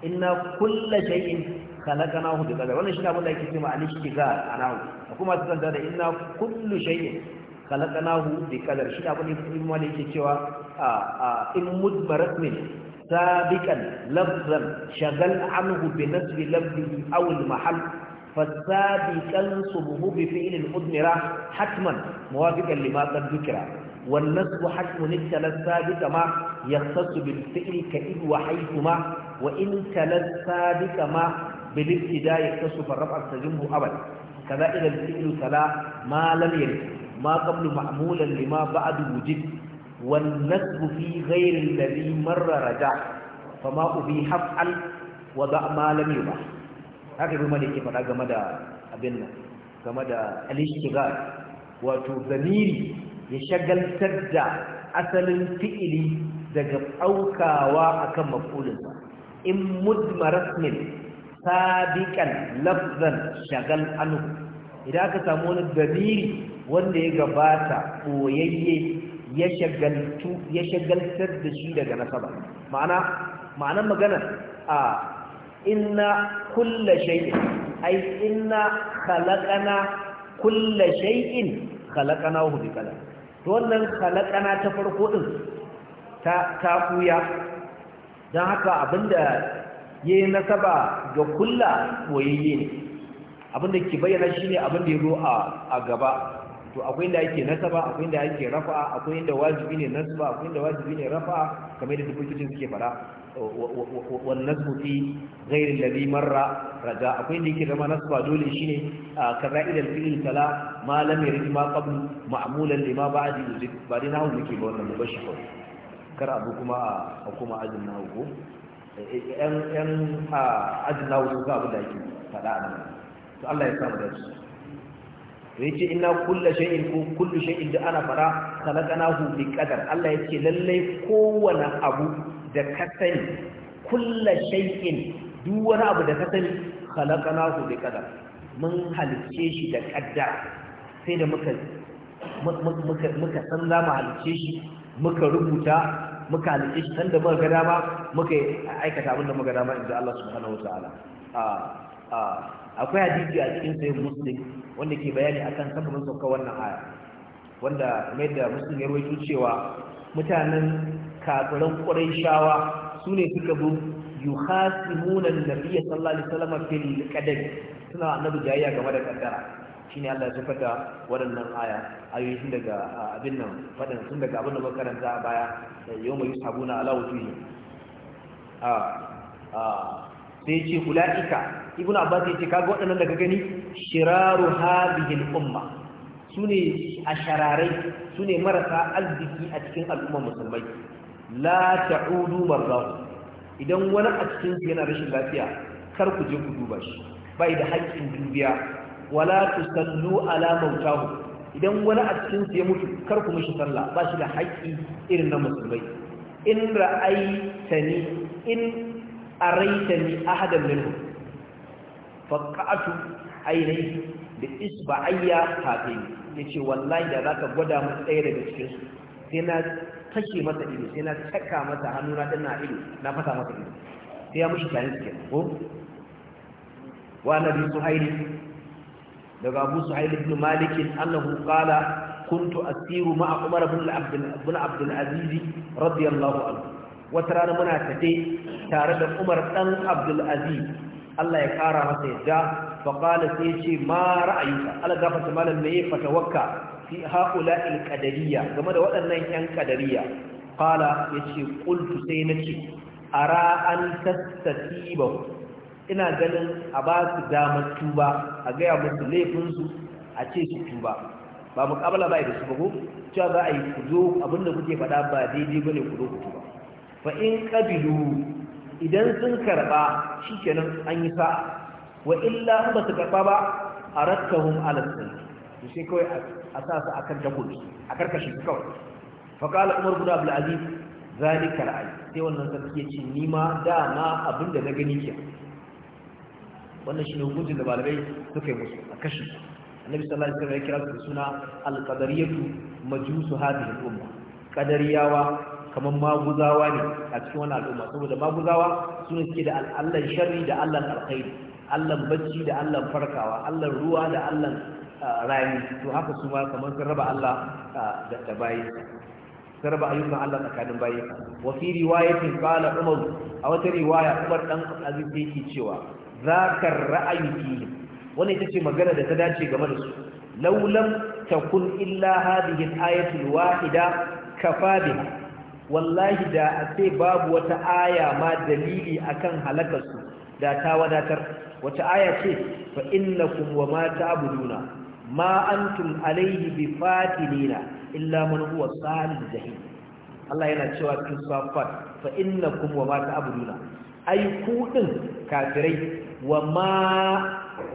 inna kulla shay'in khalaqnahu bi qadar wannan shi ne abin da yake cewa al-ishtighal ana hudu. kuma tsanta da ina kullu shay'in khalaqnahu bi qadar shi abin da Ibn Malik yake cewa a in mudbarat min sabiqan lafzan shagal anhu bi nasb lafzihi aw al mahall fasabiqan subhu bi fi'l al mudmira hatman muwafiqan lima qad dhukira والنصب حتم ابتلى السابق ما يختص بالفعل كإذ وحيثما وإن تلى السابق ما بالابتداء يختص فالرفع تجمه أبدا كذا إذا الفعل تلا ما لم ما قبل معمولا لما بعد وجد والنسب في غير الذي مر رجع فما أبيح افعل وضع ما لم يباح هكذا ما لك فدا game da abin game da al-ishtighal wato zamiri ya shagaltar da asalin fi'ili daga ɓaukawa akan maf'ulin in mudmar ismin lafzan shagal idan aka samu wani dabiri wanda ya gabata koyayye ya shagaltar da shi daga nasaba ma'ana ma'anar magana a inna kulla shay'in ai inna khalaqana kulla shay'in hu bi kalam to wannan khalaqana ta farko din ta ta kuya dan haka abinda yayi nasaba ga kulla boyayye ne abinda ke bayyana shine abin da ya zo a gaba to akwai inda yake nasaba akwai inda yake rafa akwai inda wajibi ne nasaba akwai inda wajibi ne rafa kamar da dukkan suke fara wan nasbu fi ghairi alladhi marra raja akwai inda yake zama nasaba dole shine kaza'il al-fi'l tala ma lam yarid ma qabl ma'mulan lima ba'd yuzid ba dai nahu muke ba wannan bashi kar abu kuma a kuma ajin nahu ko eh, eh, yan yan ajin nahu ko abu abin da yake fada a nan to Allah ya samu dace to yace inna kullu shay'in ko kullu shay'in da ana fara khalaqnahu bi qadar Allah yace lalle kowane abu da ka sani kullu shay'in duk wani abu da ka sani khalaqnahu bi qadar mun halicce shi da qadar sai da muka muka muka san za mu halicce shi muka rubuta muka halicce shi san da muka ga dama muka aikata abin da muka ga dama inda Allah subhanahu wataala ah. akwai hadisi a cikin sahih muslim wanda ke bayani akan sabbin sauka wannan aya wanda mai da muslim ya rawaito cewa mutanen kafiran quraishawa sune suka bu yuhasimuna an-nabiyya sallallahu alaihi wasallam fil qadar suna annabi jayya game da kaddara shine Allah ya sufata waɗannan aya ayoyin daga abin nan fadan sun daga abin da makaranta karanta a baya yawma yusabuna ala wujuhi a sai ce ula'ika ibn abbas ya ce kaga waɗannan daga gani shiraru hadhihi al-umma sune ashararai sune marasa arziki a cikin al'ummar musulmai la ta'udu marzahu idan wani a cikin su yana rashin lafiya kar ku je ku duba shi bai da haƙƙin dubiya wala tusallu ala mautahu idan wani a cikin su ya mutu kar ku mishi sallah ba shi da haƙƙi irin na musulmai in tani in araitani ahadan minhu faqatu ainai da isba'ayya hataini yace wallahi da zaka gwada mu tsaye daga cikin su sai na kashe masa ido sai na caka masa hannu na danna ido na fasa masa ido sai ya mushi tare suke ko wa nabi suhaili daga abu suhaili ibn malik annahu qala kuntu asiru ma'a umar ibn abdul ibn abdul aziz radiyallahu anhu wata rana muna tafe tare da umar ɗan abdulaziz Allah ya kara masa yadda faƙala sai ce ma ra'ayuka ala gafata malam mai fatawakka fi haƙula ilƙadariya game da waɗannan 'yan ƙadariya ƙala ya ce ƙultu sai na ce a ra'an tattatiba ina ganin a ba su damar tuba a gaya musu laifinsu a ce su tuba ba muƙabala ba da su ba ko cewa za a yi ku zo abinda kuke faɗa ba daidai ba ne ku zo ku tuba fa ƙabilu, idan sun karɓa shi kenan an yi sa'a, wa illa ba su karba ba arattahum ala sallati sai kawai a sa su akan takobi a karkashin kawai fa qala umar ibn abdul aziz zalika sai wannan sarki ya ce ni ma dama abinda na gani ke wannan ne hukuncin da malamai suka yi musu a kashi annabi sallallahu alaihi wasallam ya kira su suna al majusu hadhihi al-umma qadariyawa kamar maguzawa ne a cikin wani al'umma saboda maguzawa suna ne suke da allan sharri da allan alkhairi allan bacci da allan farkawa allan ruwa da allan ah, rani to haka su ma kamar sun raba allah ah, da bayi sun raba ayyukan allah tsakanin bayi wa fi riwayatin qala umar a wata riwaya umar dan aziz yake cewa zakar ra'ayi fihi wannan ita ce magana da ta dace game da su laulam takun illa hadhihi al-ayatu al-wahida kafa biha wallahi da a ce babu wata aya ma dalili akan halakarsu da ta wadatar wata aya ce fa innakum wa ma ta'buduna ma antum alayhi bi fatinina illa man huwa salil jahim Allah yana cewa cikin safat fa innakum wa ma ta'buduna ay ku din kafirai wa ma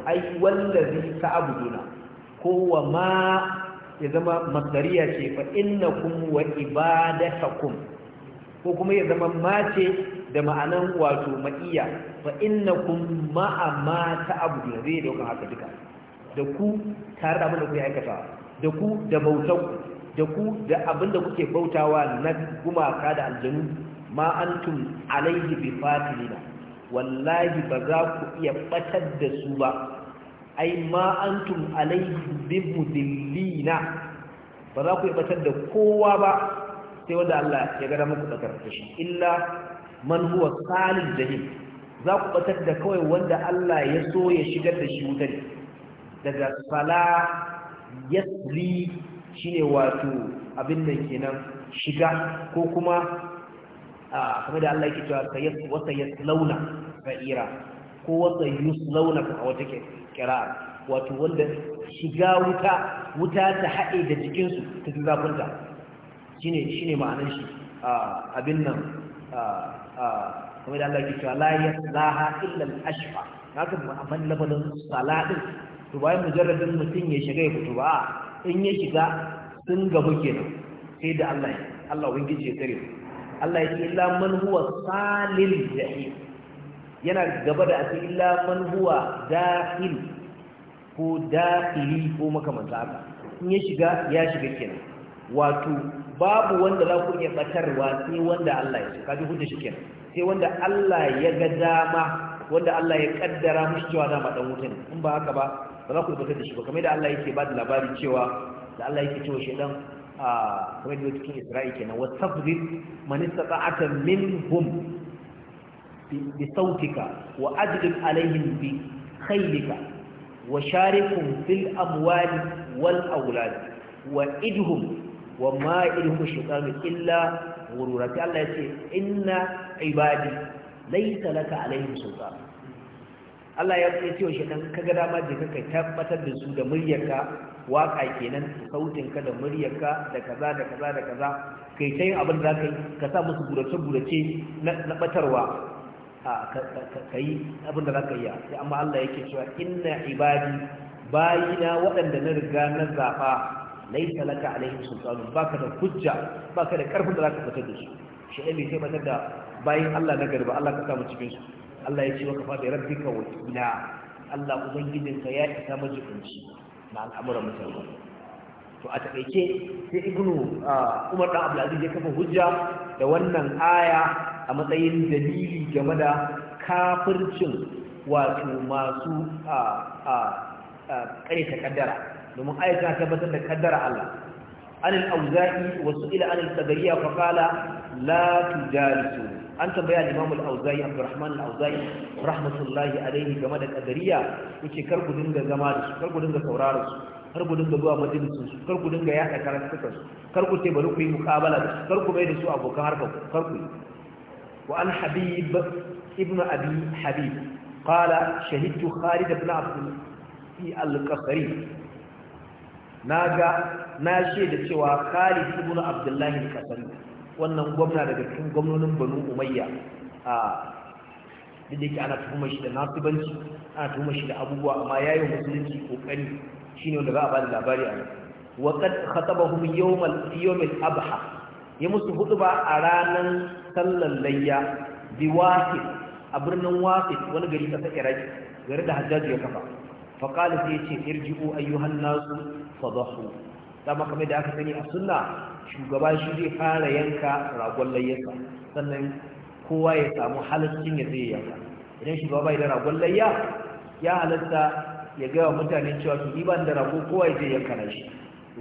ay wallazi ta'buduna ko wa ma ya zama masariya ce fa innakum wa ibadatakum ko kuma ya zama mace da ma'anan wato ma'iya fa innakum ma'a ma da zai dauka haka duka da ku tare da abin da kuke da ku da bautar da ku da abin da kuke bautawa na gumaka da aljanu ma antum alaihi bi fatilina wallahi ba za ku iya batar da su ba ai ma antum alaihi bimudillina ba za ku yi batar da kowa ba sai wanda Allah ya gada muku tsakar da shi illa man huwa salil jahim za ku batar da kawai wanda Allah ya so ya shigar da shi wutar daga sala yasli shine wato abin nan kenan shiga ko kuma a kamar da Allah yake cewa wata launa fa'ira ko wata launa a wata kenan kirar wato wanda shiga wuta wuta ta haɗe da jikinsu ta fi zafinta shi ne ma'anin shi abin nan kamar da Allah ke cewa la ya illal ashfa na ka ma'aman labanin saladin to bayan mujarradin mutum ya shiga ya fito ba in ya shiga sun gaba kenan sai da Allah ya Allah ya kare Allah ya ce illa man huwa salil jahim yana gaba da ake illa man huwa dahil ko dahili ko makamanta haka in ya shiga ya shiga kenan wato babu wanda za ku iya batarwa sai wanda Allah ya so kaji hujja shi kenan sai wanda Allah ya ga dama wanda Allah ya kaddara mishi cewa dama dan wuta ne in ba haka ba ba za ku batar da shi ba kamar da Allah yake ba da labari cewa da Allah yake cewa dan a ah, kamar da cikin Isra'i kenan wasafzir man istata'ata minhum بصوتك وأجلب عليهم بخيلك وشاركهم في الأموال والأولاد وإدهم وما إدهم الشيطان إلا غرورك الله يقول إن عبادي ليس لك عليهم سلطان Allah ya ce wa shedan ka ga dama da kaka tabbatar da su da muryarka waƙa kenan sautinka da muryarka da kaza da kaza da kaza kai ta yin abin da kai ka sa musu burace burace na batarwa ka yi abin da za ka yi amma Allah yake cewa inna ibadi bayina waɗanda na riga na zaɓa laisa laka alaihim sultanu ka da hujja ka da ƙarfin da ka fitar da su shi ne sai fitar da bayin Allah na garba Allah ka samu cikin su Allah ya ce wa kafa bi rabbika wakila Allah ubangijinka ya isa majikunci na al'amuran mutane to a takeice sai ibnu umar dan abdulaziz ya kafa hujja da wannan aya a matsayin dalili game da kafircin wato masu a ƙaryata kaddara domin ayyuka tabbatar da kaddara Allah anil auza'i wasu ila anil qadariya fa qala la tujalisu an tambaya Imam al-Auza'i Abdurrahman al-Auza'i rahmatullahi alayhi game da qadariya yace kar ku dinga zama da su kar ku dinga saurara su kar ku dinga zuwa majalisun su kar ku dinga yaɗa karantukan su kar ku ce bari ku yi muƙabala da su kar ku bai da su abokan harkar ku kar ku yi وعن حبيب ابن أبي حبيب قال شهدت خالد بن عبد في القصري ناجا ناشد سوى خالد ابن عبد الله القصري wannan gwamna daga cikin gwamnonin banu umayya a da ana tuhumar shi da nasibanci ana tuhumar shi da abubuwa amma yayi musulunci kokari shine wanda za a bada labari a nan wa qad khatabahum yawm al-yawm al-abha ya musu hudu ba a ranar sallar layya biwafin a birnin wafin wani gari ƙasar iraki gari da hajjaji ya kafa faƙalis ya ce irji'u ayyuhan nasu fadahu dama kame da aka sani a sunna shugaba shi zai fara yanka ragon layyarsa sannan kowa ya samu halaccin ya zai yanka idan shugaba bai da ragon layya ya halatta ya gaya mutane cewa su ni da rago kowa ya zai yanka na shi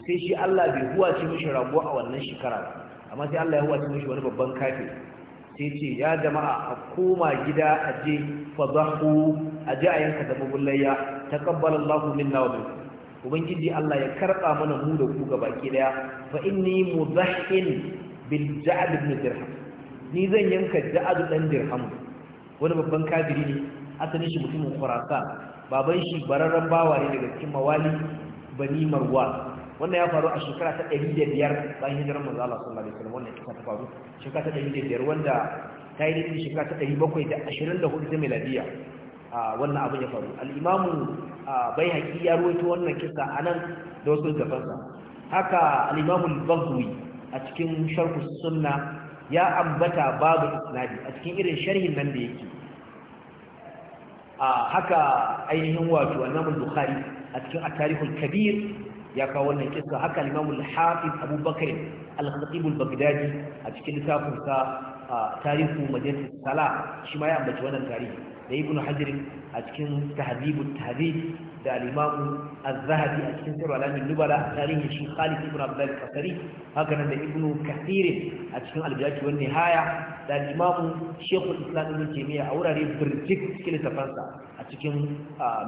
sai shi Allah bai huwa ce mishi rago a wannan shekara ba amma sai Allah ya huwace mishi wani babban kafi sai ce ya jama'a a koma gida a je fadahu a je a yanka dabbobin layya taqabbalallahu minna wa minkum ubangiji Allah ya karba mana mu da ku gabaki daya fa inni mudhahhin bil ja'd ibn dirham ni zan yanka ja'd dan dirham wani babban kafiri ne asalin shi mutumin khurasan baban shi bararren bawa ne daga cikin mawali bani ruwa. wannan ya faru a shekara ta ɗari da biyar bayan hijirar manzo Allah sallallahu alaihi wasallam wannan kisa ta faru shekara ta ɗari da biyar wanda ta yi daidai shekara ta ɗari bakwai da ashirin da hudu ta miladiya wannan abin ya faru al'imamu bai haƙi ya ruwaito wannan kisa a nan da wasu gabansa haka al'imamu bagwi a cikin sharhu sunna ya ambata babu isnadi a cikin irin sharhin nan da yake haka ainihin wato al'imamu bukhari a cikin at-tarihul kabir ya kawo wannan kissa haka Imam al-Hafiz Abu Bakr al-Khatib bagdadi a cikin littafin sa tarihu Madinat Salah shi ma ya ambaci wannan tarihi da Ibn Hajar a cikin Tahdhib al da al-imamu zahabi a cikin sirr alamin nubala tarihin shi Khalid ibn abdal Qasari haka nan da ibnu Kathir a cikin al-bidayah wan nihaya da al-imamu Sheikh islam Ibn a wurare birjik cikin tafansa a cikin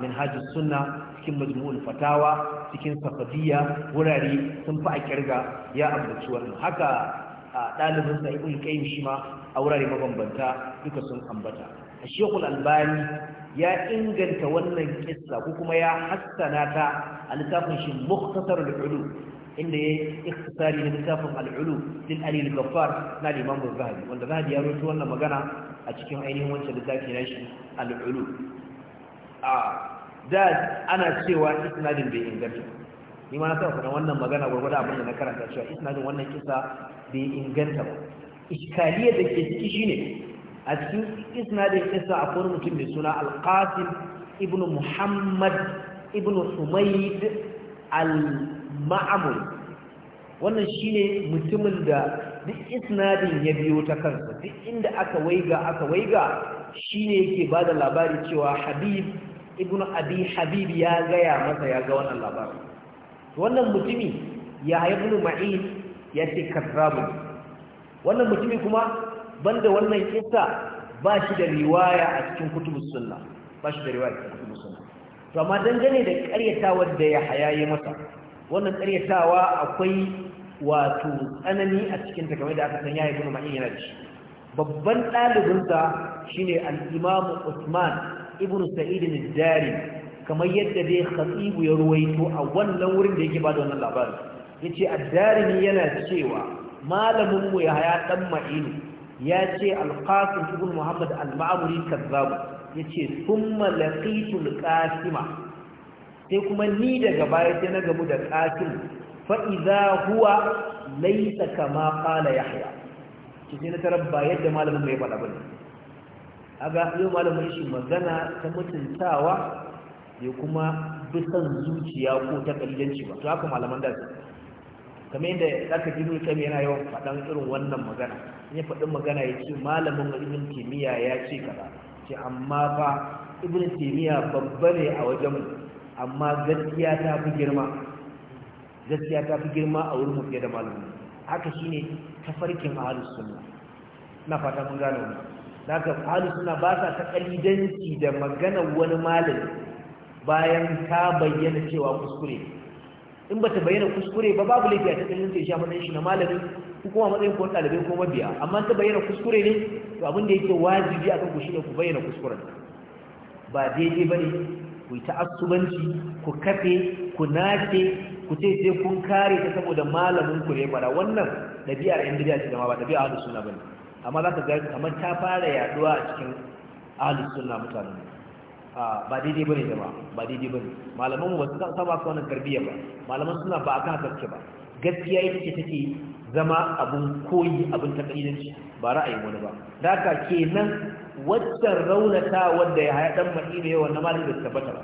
minhajus sunna cikin majmu'ul fatawa cikin safadiyya wurare sun fi a kirga ya ambaci wannan haka ɗalibinsa ibn Qayyim shi ma a wurare mabambanta duka sun ambata A Shekul Albani ya inganta wannan kissa ko kuma ya hassana ta a littafin shi mukhtasar al-ulu inda yayi ikhtisari na littafin al-ulu din ali al-ghaffar na imam zahabi wanda zahabi ya wannan magana a cikin ainihin wancan littafi na shi al-ulu a da ana cewa isnadin bai inganta ni ma na san kuma wannan magana gurgurda abin da na karanta cewa isnadin wannan kissa bai inganta ba iskaliyar da ke ciki shine a cikin isnadin isa akwai mutum mai suna alƙasim ibn muhammad ibn humaid al-ma'amur wannan shine mutumin da duk isnadin ya biyo ta kansa duk inda aka waiga aka waiga shine yake ba da labari cewa habib ibn abi habib ya gaya masa ya ga wannan labarin wannan mutumi ya ibn ma'in ya ce kazzabu wannan mutumi kuma banda wannan kissa ba shi da riwaya a cikin kutubus sunna ba shi da riwaya a cikin kutubus sunna to amma dangane da ƙaryatawar da ya hayaye masa wannan ƙaryatawa akwai wato tsanani a cikin ta kamar da aka san yayi ma'in yana da shi babban ɗalibinsa shine al-imam Usman ibn Sa'id al-Dari kamar yadda dai khatibu ya ruwaito a wannan wurin da yake da wannan labarin yace ad-Darimi yana cewa malamin mu ya haya dan ma'ini ya ce alƙasun ibn muhammad al maamuri kazzabu yace thumma laqitu al ƙasima sai kuma ni daga baya sai na gamu da qasim fa idza huwa laysa kama ya yahya ce sai na ba yadda malamin mai faɗa bane aga yau malamin shi magana ta mutuntawa ya kuma bisan zuciya ko ta ƙalilanci ba to haka malaman da su kamar yadda ka ji mun kamar yana yawan faɗan irin wannan magana in ya faɗin magana ya ce malamin ibn timiya ya ce kaza ce amma fa ibn timiya babba ne a wajen mu amma gaskiya ta fi girma gaskiya ta fi girma a wurin fiye da malamin haka shine tafarkin ahlus sunna na fata mun gane wannan haka ahlus sunna ba sa ta kalidanci da magana wani malami bayan ta bayyana cewa kuskure in ba ta bayyana kuskure ba babu laifi a tattalin sai sha matsayin shi na malami ko kuma matsayin ko ɗalibai ko mabiya amma ta bayyana kuskure ne to abin da yake wajibi akan ku shine ku bayyana kuskuren ba daidai bane ku yi ta'assubanci ku kafe ku nace ku ce sai kun kare ta saboda malamin ku ne bara wannan ɗabi'ar yan bidiya ce da ma ba ɗabi'a ahlus sunna bane amma za ka ga kamar ta fara yaduwa a cikin ahlus sunna mutanen ba daidai bane da ba ba daidai bane malaman wasu ba saba su wannan tarbiyya ba malaman suna ba akan haka ba gaskiya ita take zama abun koyi abin abun shi ba ra'ayin wani ba da haka kenan waccan raunata wanda ya haya dan mai ne na malami da tabbata ba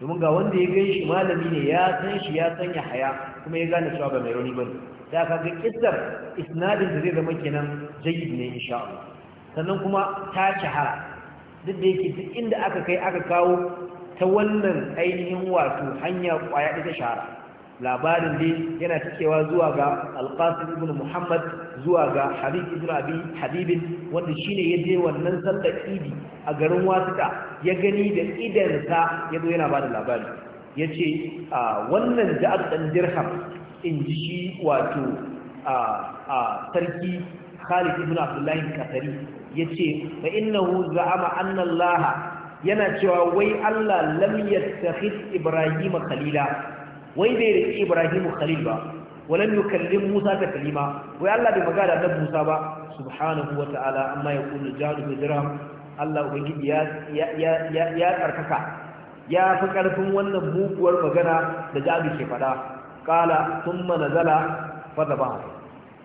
domin ga wanda ya gani shi malami ne ya san shi ya sanya haya kuma ya gane cewa ba mai rauni bane da haka ga kissar isnadin da zai zama kenan jayyid ne insha Allah sannan kuma ta shahara duk da yake duk inda aka kai aka kawo ta wannan ainihin wato hanya kwaya ita shara. labarin dai yana cikewa zuwa ga alqasim ibn muhammad zuwa ga habib ibn abi habibin wanda shine ya je wannan sallar idi a garin wasuka ya gani da idansa ya zo yana bada labari ya ce wannan da aka ɗan dirham in ji shi wato sarki khalid ibn abdullahi kasari ya yace fa innahu za'ama anna Allah yana cewa wai Allah lam tafi Ibrahim khalila wai bai riki Ibrahim khalil ba walam yukallim Musa kalima wai Allah bai magana da Musa ba subhanahu wa ta'ala amma yaqulu jadu bidram Allah ubangiji ya ya ya ya karkaka ya fi karfin wannan muguwar magana da jadu ke fada sun thumma nazala fa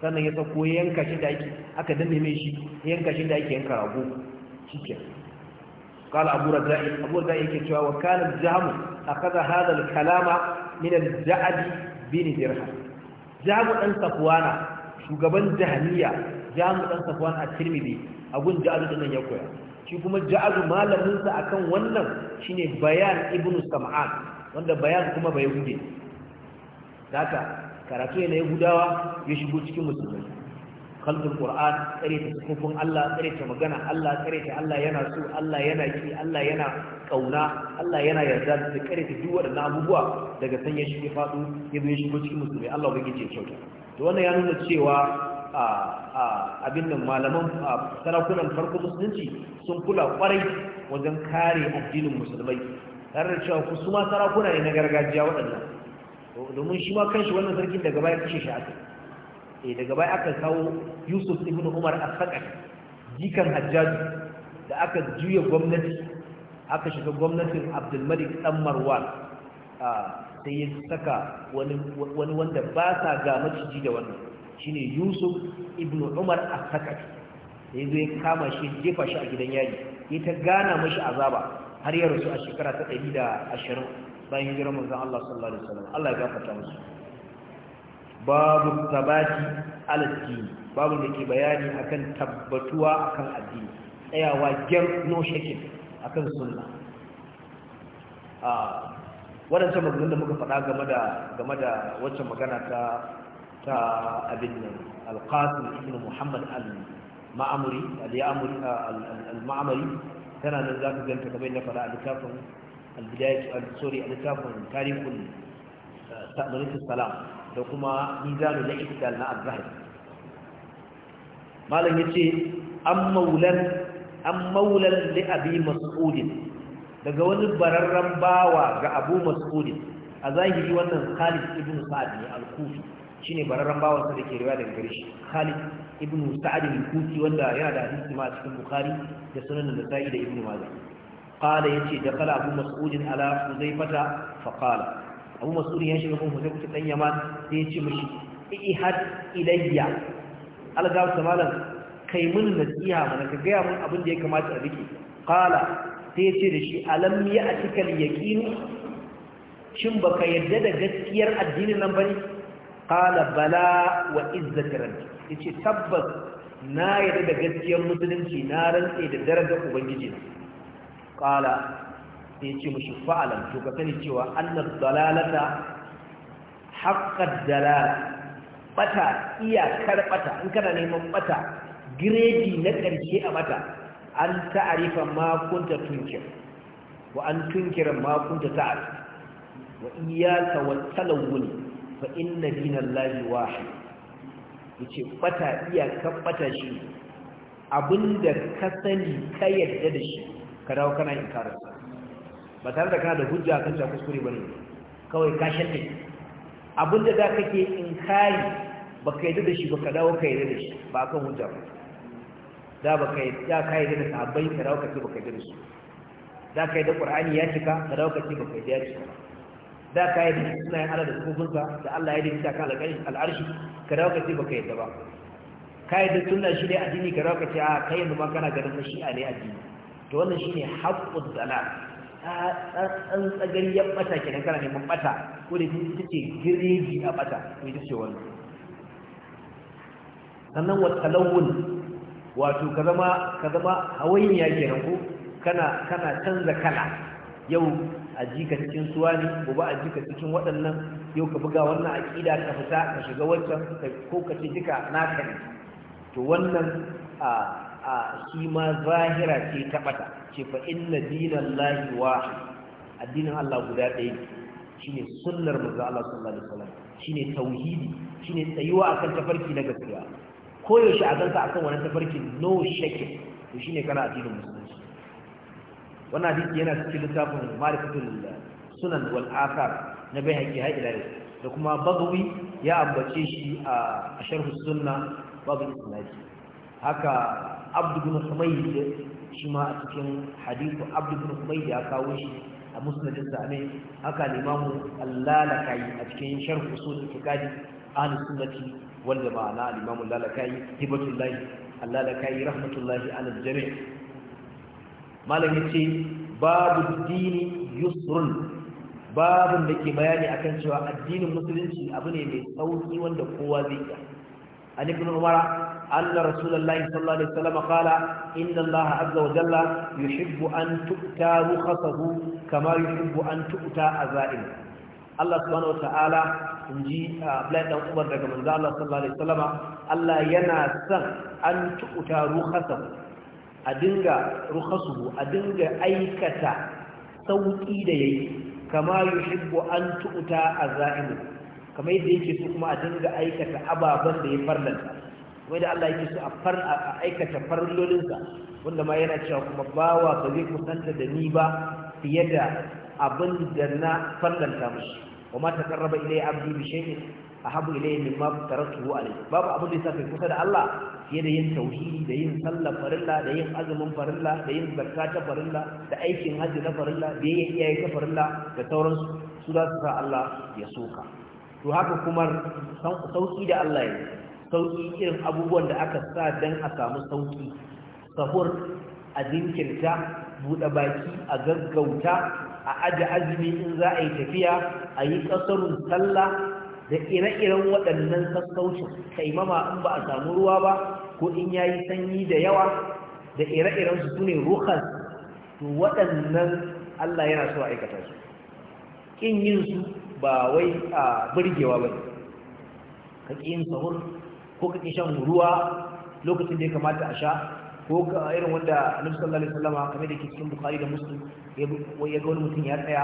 sannan ya sauko yanka shi da ake aka dame mai shi yanka shi da ake yanka rago shi ke kala abu raza'i abu raza'i yake cewa wa kala jamu a kaza hadal kalama min al-ja'adi bin dirha jamu dan safwana shugaban jahiliya jamu dan safwana a tirmidhi abun ja'adu da nan ya koya shi kuma ja'adu malaminsa sa akan wannan shine bayan ibnu sam'an wanda bayan kuma bai huje da haka karatu ne na yahudawa ya shigo cikin musulmai kalbin qur'an tsare ta sufufin Allah tsare ta magana Allah tsare ta Allah yana so Allah yana ki Allah yana kauna Allah yana yarda da tsare ta duk waɗannan abubuwa daga san ya ya faɗo ya bi ya shigo cikin musulmai Allah bai gice kyauta to wannan ya nuna cewa abin nan malaman sarakunan farko musulunci sun kula kwarai wajen kare addinin musulmai tare da cewa su ma sarakuna ne na gargajiya waɗannan domin shi ma kanshi wannan sarkin daga baya kashe shi aka eh daga baya aka kawo Yusuf ibn Umar as-Saqaf jikan Hajjaj da aka juya gwamnati aka shiga gwamnatin Abdul Malik dan Marwan ah, sai ya saka wani wani wanda ba sa ga maciji da wannan shine Yusuf ibn Umar as-Saqaf sai zai kama shi jefa shi a gidan yaji ya ta gana mashi azaba har ya rasu a shekara ta 120 bayan hijirar manzon Allah sallallahu alaihi wasallam Allah ya gafarta musu babu tabati aladdini babu da ke bayani akan tabbatuwa akan addini tsayawa gyar no shakin akan sunna a ah, wadancan maganganun da muka faɗa game da game da wacce magana ta ta abin nan alqasim ibn muhammad al-ma'amuri ah, al-ma'amuri tana nan za ka ganta kamar yadda faɗa a littafin albidayatu uh, al-sori a littafin tarihul uh, ta'amalatul salam da kuma mizanu na ikdal na azhar malam yace an maulan an maulan li abi mas'ud daga wani bararren bawa ga abu mas'ud a zahiri wannan Khalid ibn Sa'd ne al-Kufi shine bararren bawan da dake riwaya daga gare shi Khalid ibn Sa'd al-Kufi wanda yana da hadisi ma a cikin Bukhari da Sunan Nasa'i da Ibn Majah qala yace da kala abu mas'ud ala huzaifata fa qala abu mas'ud ya shiga kun huzaifata dan yaman sai yace mishi ihad ilayya alga ta malam kai mun nasiha mana ka ga mun abin da ya kamata a rike qala sai yace da shi alam ya atikal yaqin shin baka yarda da gaskiyar addinin nan bane qala bala wa izzati rabbi yace tabbas na yarda da gaskiyar musulunci na rantse da darajar ubangiji na kala sai ce mashi fa'alam to ka sani cewa annad dalalata haqqad dalal bata iyakar bata in kana neman bata giredi na ƙarshe a bata an ta'arifa makunta kunta tunkir wa an tunkira makunta kunta wa iyaka wa talawun fa inna dinallahi ce ɓata bata iyakar bata shi abinda ka sani ka yadda da shi ka dawo kana inkarar ba tare da kana da hujja kan cewa kuskure bane kawai ka shalle abin da ke kake inkari ba ka yadda da shi ba ka dawo ka yadda da shi ba kan hujja ba da ba ka yadda ka yadda da sabai ka dawo ka ce ba ka yadda da su da ka yadda qur'ani ya cika ka dawo ka ce ba ka yadda da cika da ka yadda suna yin ala da sukufunsa da Allah ya dinta kan al'arshi ka dawo ka ce ba ka yadda ba ka yadda sunna shi ne addini ka dawo ka ce a ah, kai yanzu ma kana ganin shi a ne addini to wannan shine haqqud dalal an tsagari ya bata kenan kana neman mata. ko da ita ce gireji a mata, to ita ce wannan sannan wa talawun wato ka zama ka zama ke kenan ko kana kana canza kala yau a jika cikin suwa ne gobe a jika cikin waɗannan yau ka buga wannan aƙida ka fita ka shiga wancan ko ka ce duka naka ne to wannan a a shi ma zahira ce ta bata ce fa inna dinallahi addinin Allah guda ɗaya ne sunnar manzo Allah sallallahu alaihi wasallam ne tauhidi ne tsayuwa akan tafarki na gaskiya koyaushe a ganka akan wannan tafarkin no shakki to shine kana addinin musulunci wannan hadisi yana cikin littafin ma'rifatul sunan wal athar na bai haƙi haƙi da da kuma bagawi ya ambace shi a sharhu sunna babu isnadi haka abdu bin humayd shi ma a cikin hadithu abdu bin da ya kawo shi a musnadin sa ne haka limamu lalakai a cikin sharh usul itikadi ahlus sunnati wal jama'a na limamu allalakai hibatullahi allalakai rahmatullahi ala jami' malam yace babu dini yusrun babun da ke bayani akan cewa addinin musulunci abu ne mai sauki wanda kowa zai iya عن ابن عمر أن رسول الله صلى الله عليه وسلم قال إن الله عز وجل يحب أن تؤتى رخصه كما يحب أن تؤتى أذائمه Allah subhanahu wata'ala in ji Abdullahi ɗan Umar daga manzo Allah sallallahu alaihi wasallama Allah yana son an tukuta ruhasa a dinga ruhasu a dinga aikata sauki da yayi kama yuhibbu an tukuta azaimu kamar yadda yake so kuma a dinga aikata ababen da ya farlanta kamar da Allah yake so a far a aikata farlolinsa wanda ma yana cewa kuma bawa ba zai kusanta da ni ba fiye da abin da na farlanta mishi wa ma taqarraba ilayya abdi bi shay'in ahabu ilayya mimma taraktuhu alayhi babu abin da yake kusa da Allah fiye da yin tauhidi da yin sallah farilla da yin azumin farilla da yin zakka ta farilla da aikin hajji na farilla da yin iyaye ta farilla da sauransu su za su sa Allah ya soka to haka kuma sauki da Allah ya sauki irin abubuwan da aka sa dan a samu sauki sahur a jinkirta buɗe baki a gaggauta a aje azumi in za a yi tafiya a yi ƙasarun sallah da ire-iren waɗannan sassaucin taimama in ba a samu ruwa ba ko in ya sanyi da yawa da ire-iren su ne ruhar, to waɗannan Allah yana so aikata su ƙin yin su ba wai a burgewa ba ne ka ƙi yin sahur ko ka ƙi shan ruwa lokacin da ya kamata a sha ko ka irin wanda annabi sallallahu alaihi wasallam kame da ke cikin bukhari da muslim ya ga wani mutum ya tsaya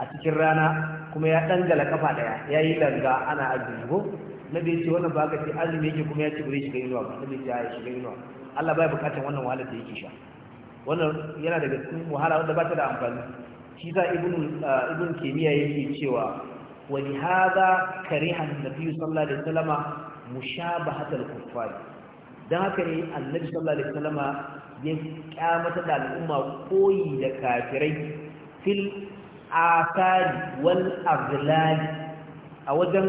a cikin rana kuma ya dangala kafa daya yi langa ana azumi ko bai ce wannan ba ka ce azumi yake kuma ya ce bare shiga inuwa ba nabi ya ce shiga inuwa Allah bai bukatar wannan wahalar da yake sha wannan yana daga cikin wahala wanda ba ta da amfani shi za ibn ibn kimiya yake cewa ولهذا كره النبي صلى الله عليه وسلم مشابهة الكفار ده كره النبي صلى الله عليه وسلم يقامة الأمة قوي لكافرين في الآثار والأغلال أوجن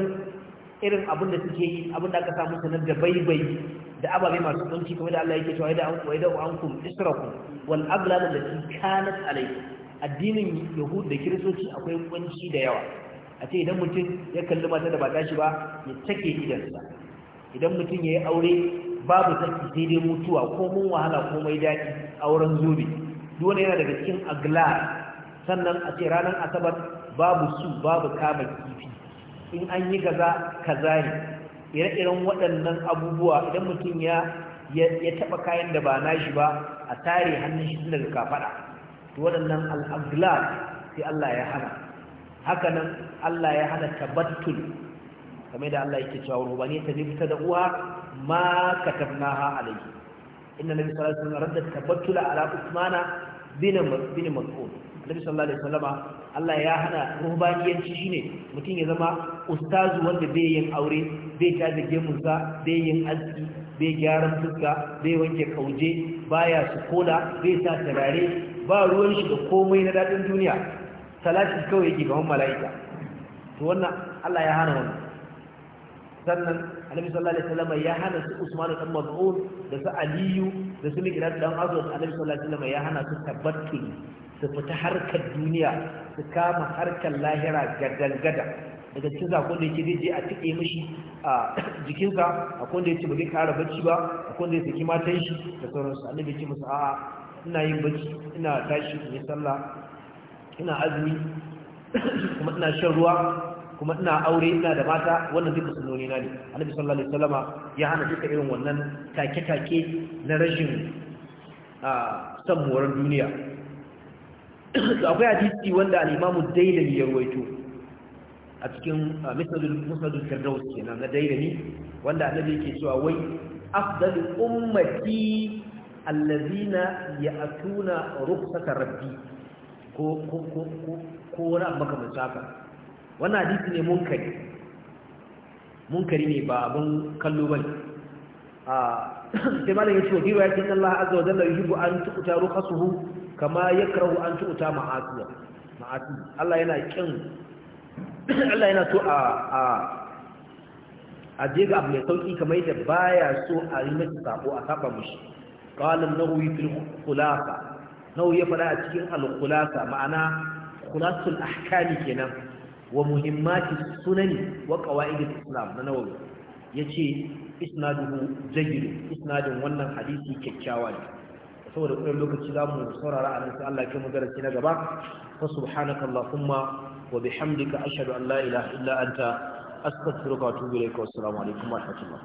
irin abin da suke yi abin da aka samu sanar da baibai da ababe masu kunci kamar da Allah yake cewa idan ku idan an kum israkum wal aglal allati kanat alayhi addinin yahud da kiristoci akwai kunci da yawa a ce idan mutum ya kalli mata da ba shi ba ya take sa, idan mutum ya yi aure babu saki sai dai mutuwa ko mun wahala ko mai daɗi auren zobe dole yana daga cikin aglar sannan a ce ranar asabar babu su babu kama kifi in an yi gaza kaza ne ire-iren waɗannan abubuwa idan mutum ya ya taɓa kayan da ba na shi ba a tare hannun shi daga kafaɗa waɗannan al'aglar sai Allah ya hana haka nan Allah ya hana tabattul kamar da Allah yake cewa rubani ta fita da uwa ma ha alayhi inna nabi sallallahu alaihi wasallam radda tabattula ala usmana bin bin mas'ud nabi sallallahu alaihi wasallam Allah ya hana rubaniyanci shine mutum ya zama ustazu wanda bai yin aure bai ta da gemunsa bai yin aski bai gyaran fuska bai wanke kauje baya su kola bai sa tarare ba ruwan shi da komai na dadin duniya salashi kawai yake gaban mala'ika to wannan Allah ya hana wannan sannan annabi sallallahu alaihi wasallam ya hana su Usman ibn Mas'ud da su Aliyu da su da dan Azwaj annabi sallallahu alaihi wasallam ya hana su tabattul su fita harkar duniya su kama harkar lahira gadangada daga cikin zakon da yake zai je a tike mishi a jikinsa akwai da yace ba zai kara bacci ba akwai da ya saki matan shi da sauransu annabi ya ce musu a'a ina yin bacci ina tashi in yi sallah ina azumi kuma ina shan ruwa kuma ina aure ina da mata wannan duka sunnoni na ne annabi sallallahu alaihi wasallama ya hana duka irin wannan take-take na rashin san moran duniya to akwai hadisi wanda al-imamu dailami ya a cikin musnadul firdaus kenan na dailami wanda annabi yake cewa wai afdalu ummati allazina ya'tuna rukhsata rabbi ko wani abu makamanta haka wannan hadisi ne munkari munkari ne ba abin kallo ba ne sai malam ya ce wajiru ya ce in Allah azza wa jalla yuhibbu an tu'ta ruqasuhu kama yakrahu an tu'ta ma'asiya ma'asi Allah yana kin Allah yana so a a a je ga abu mai sauki kamar yadda baya so a yi masa sabo a saba mushi qala an-nawawi fil khulafa nawa ya faɗa a cikin al-khulasa ma'ana khulasul ahkami kenan wa muhimmati sunani wa qawaidil islam na nawawi yace isnaduhu jayyid isnadin wannan hadisi kyakkyawa ne saboda kullum lokaci mu saurara a nan sai Allah ya mu darasi na gaba fa subhanaka allahumma wa bihamdika ashhadu an la ilaha illa anta astaghfiruka wa atubu ilayka wa assalamu alaikum wa rahmatullah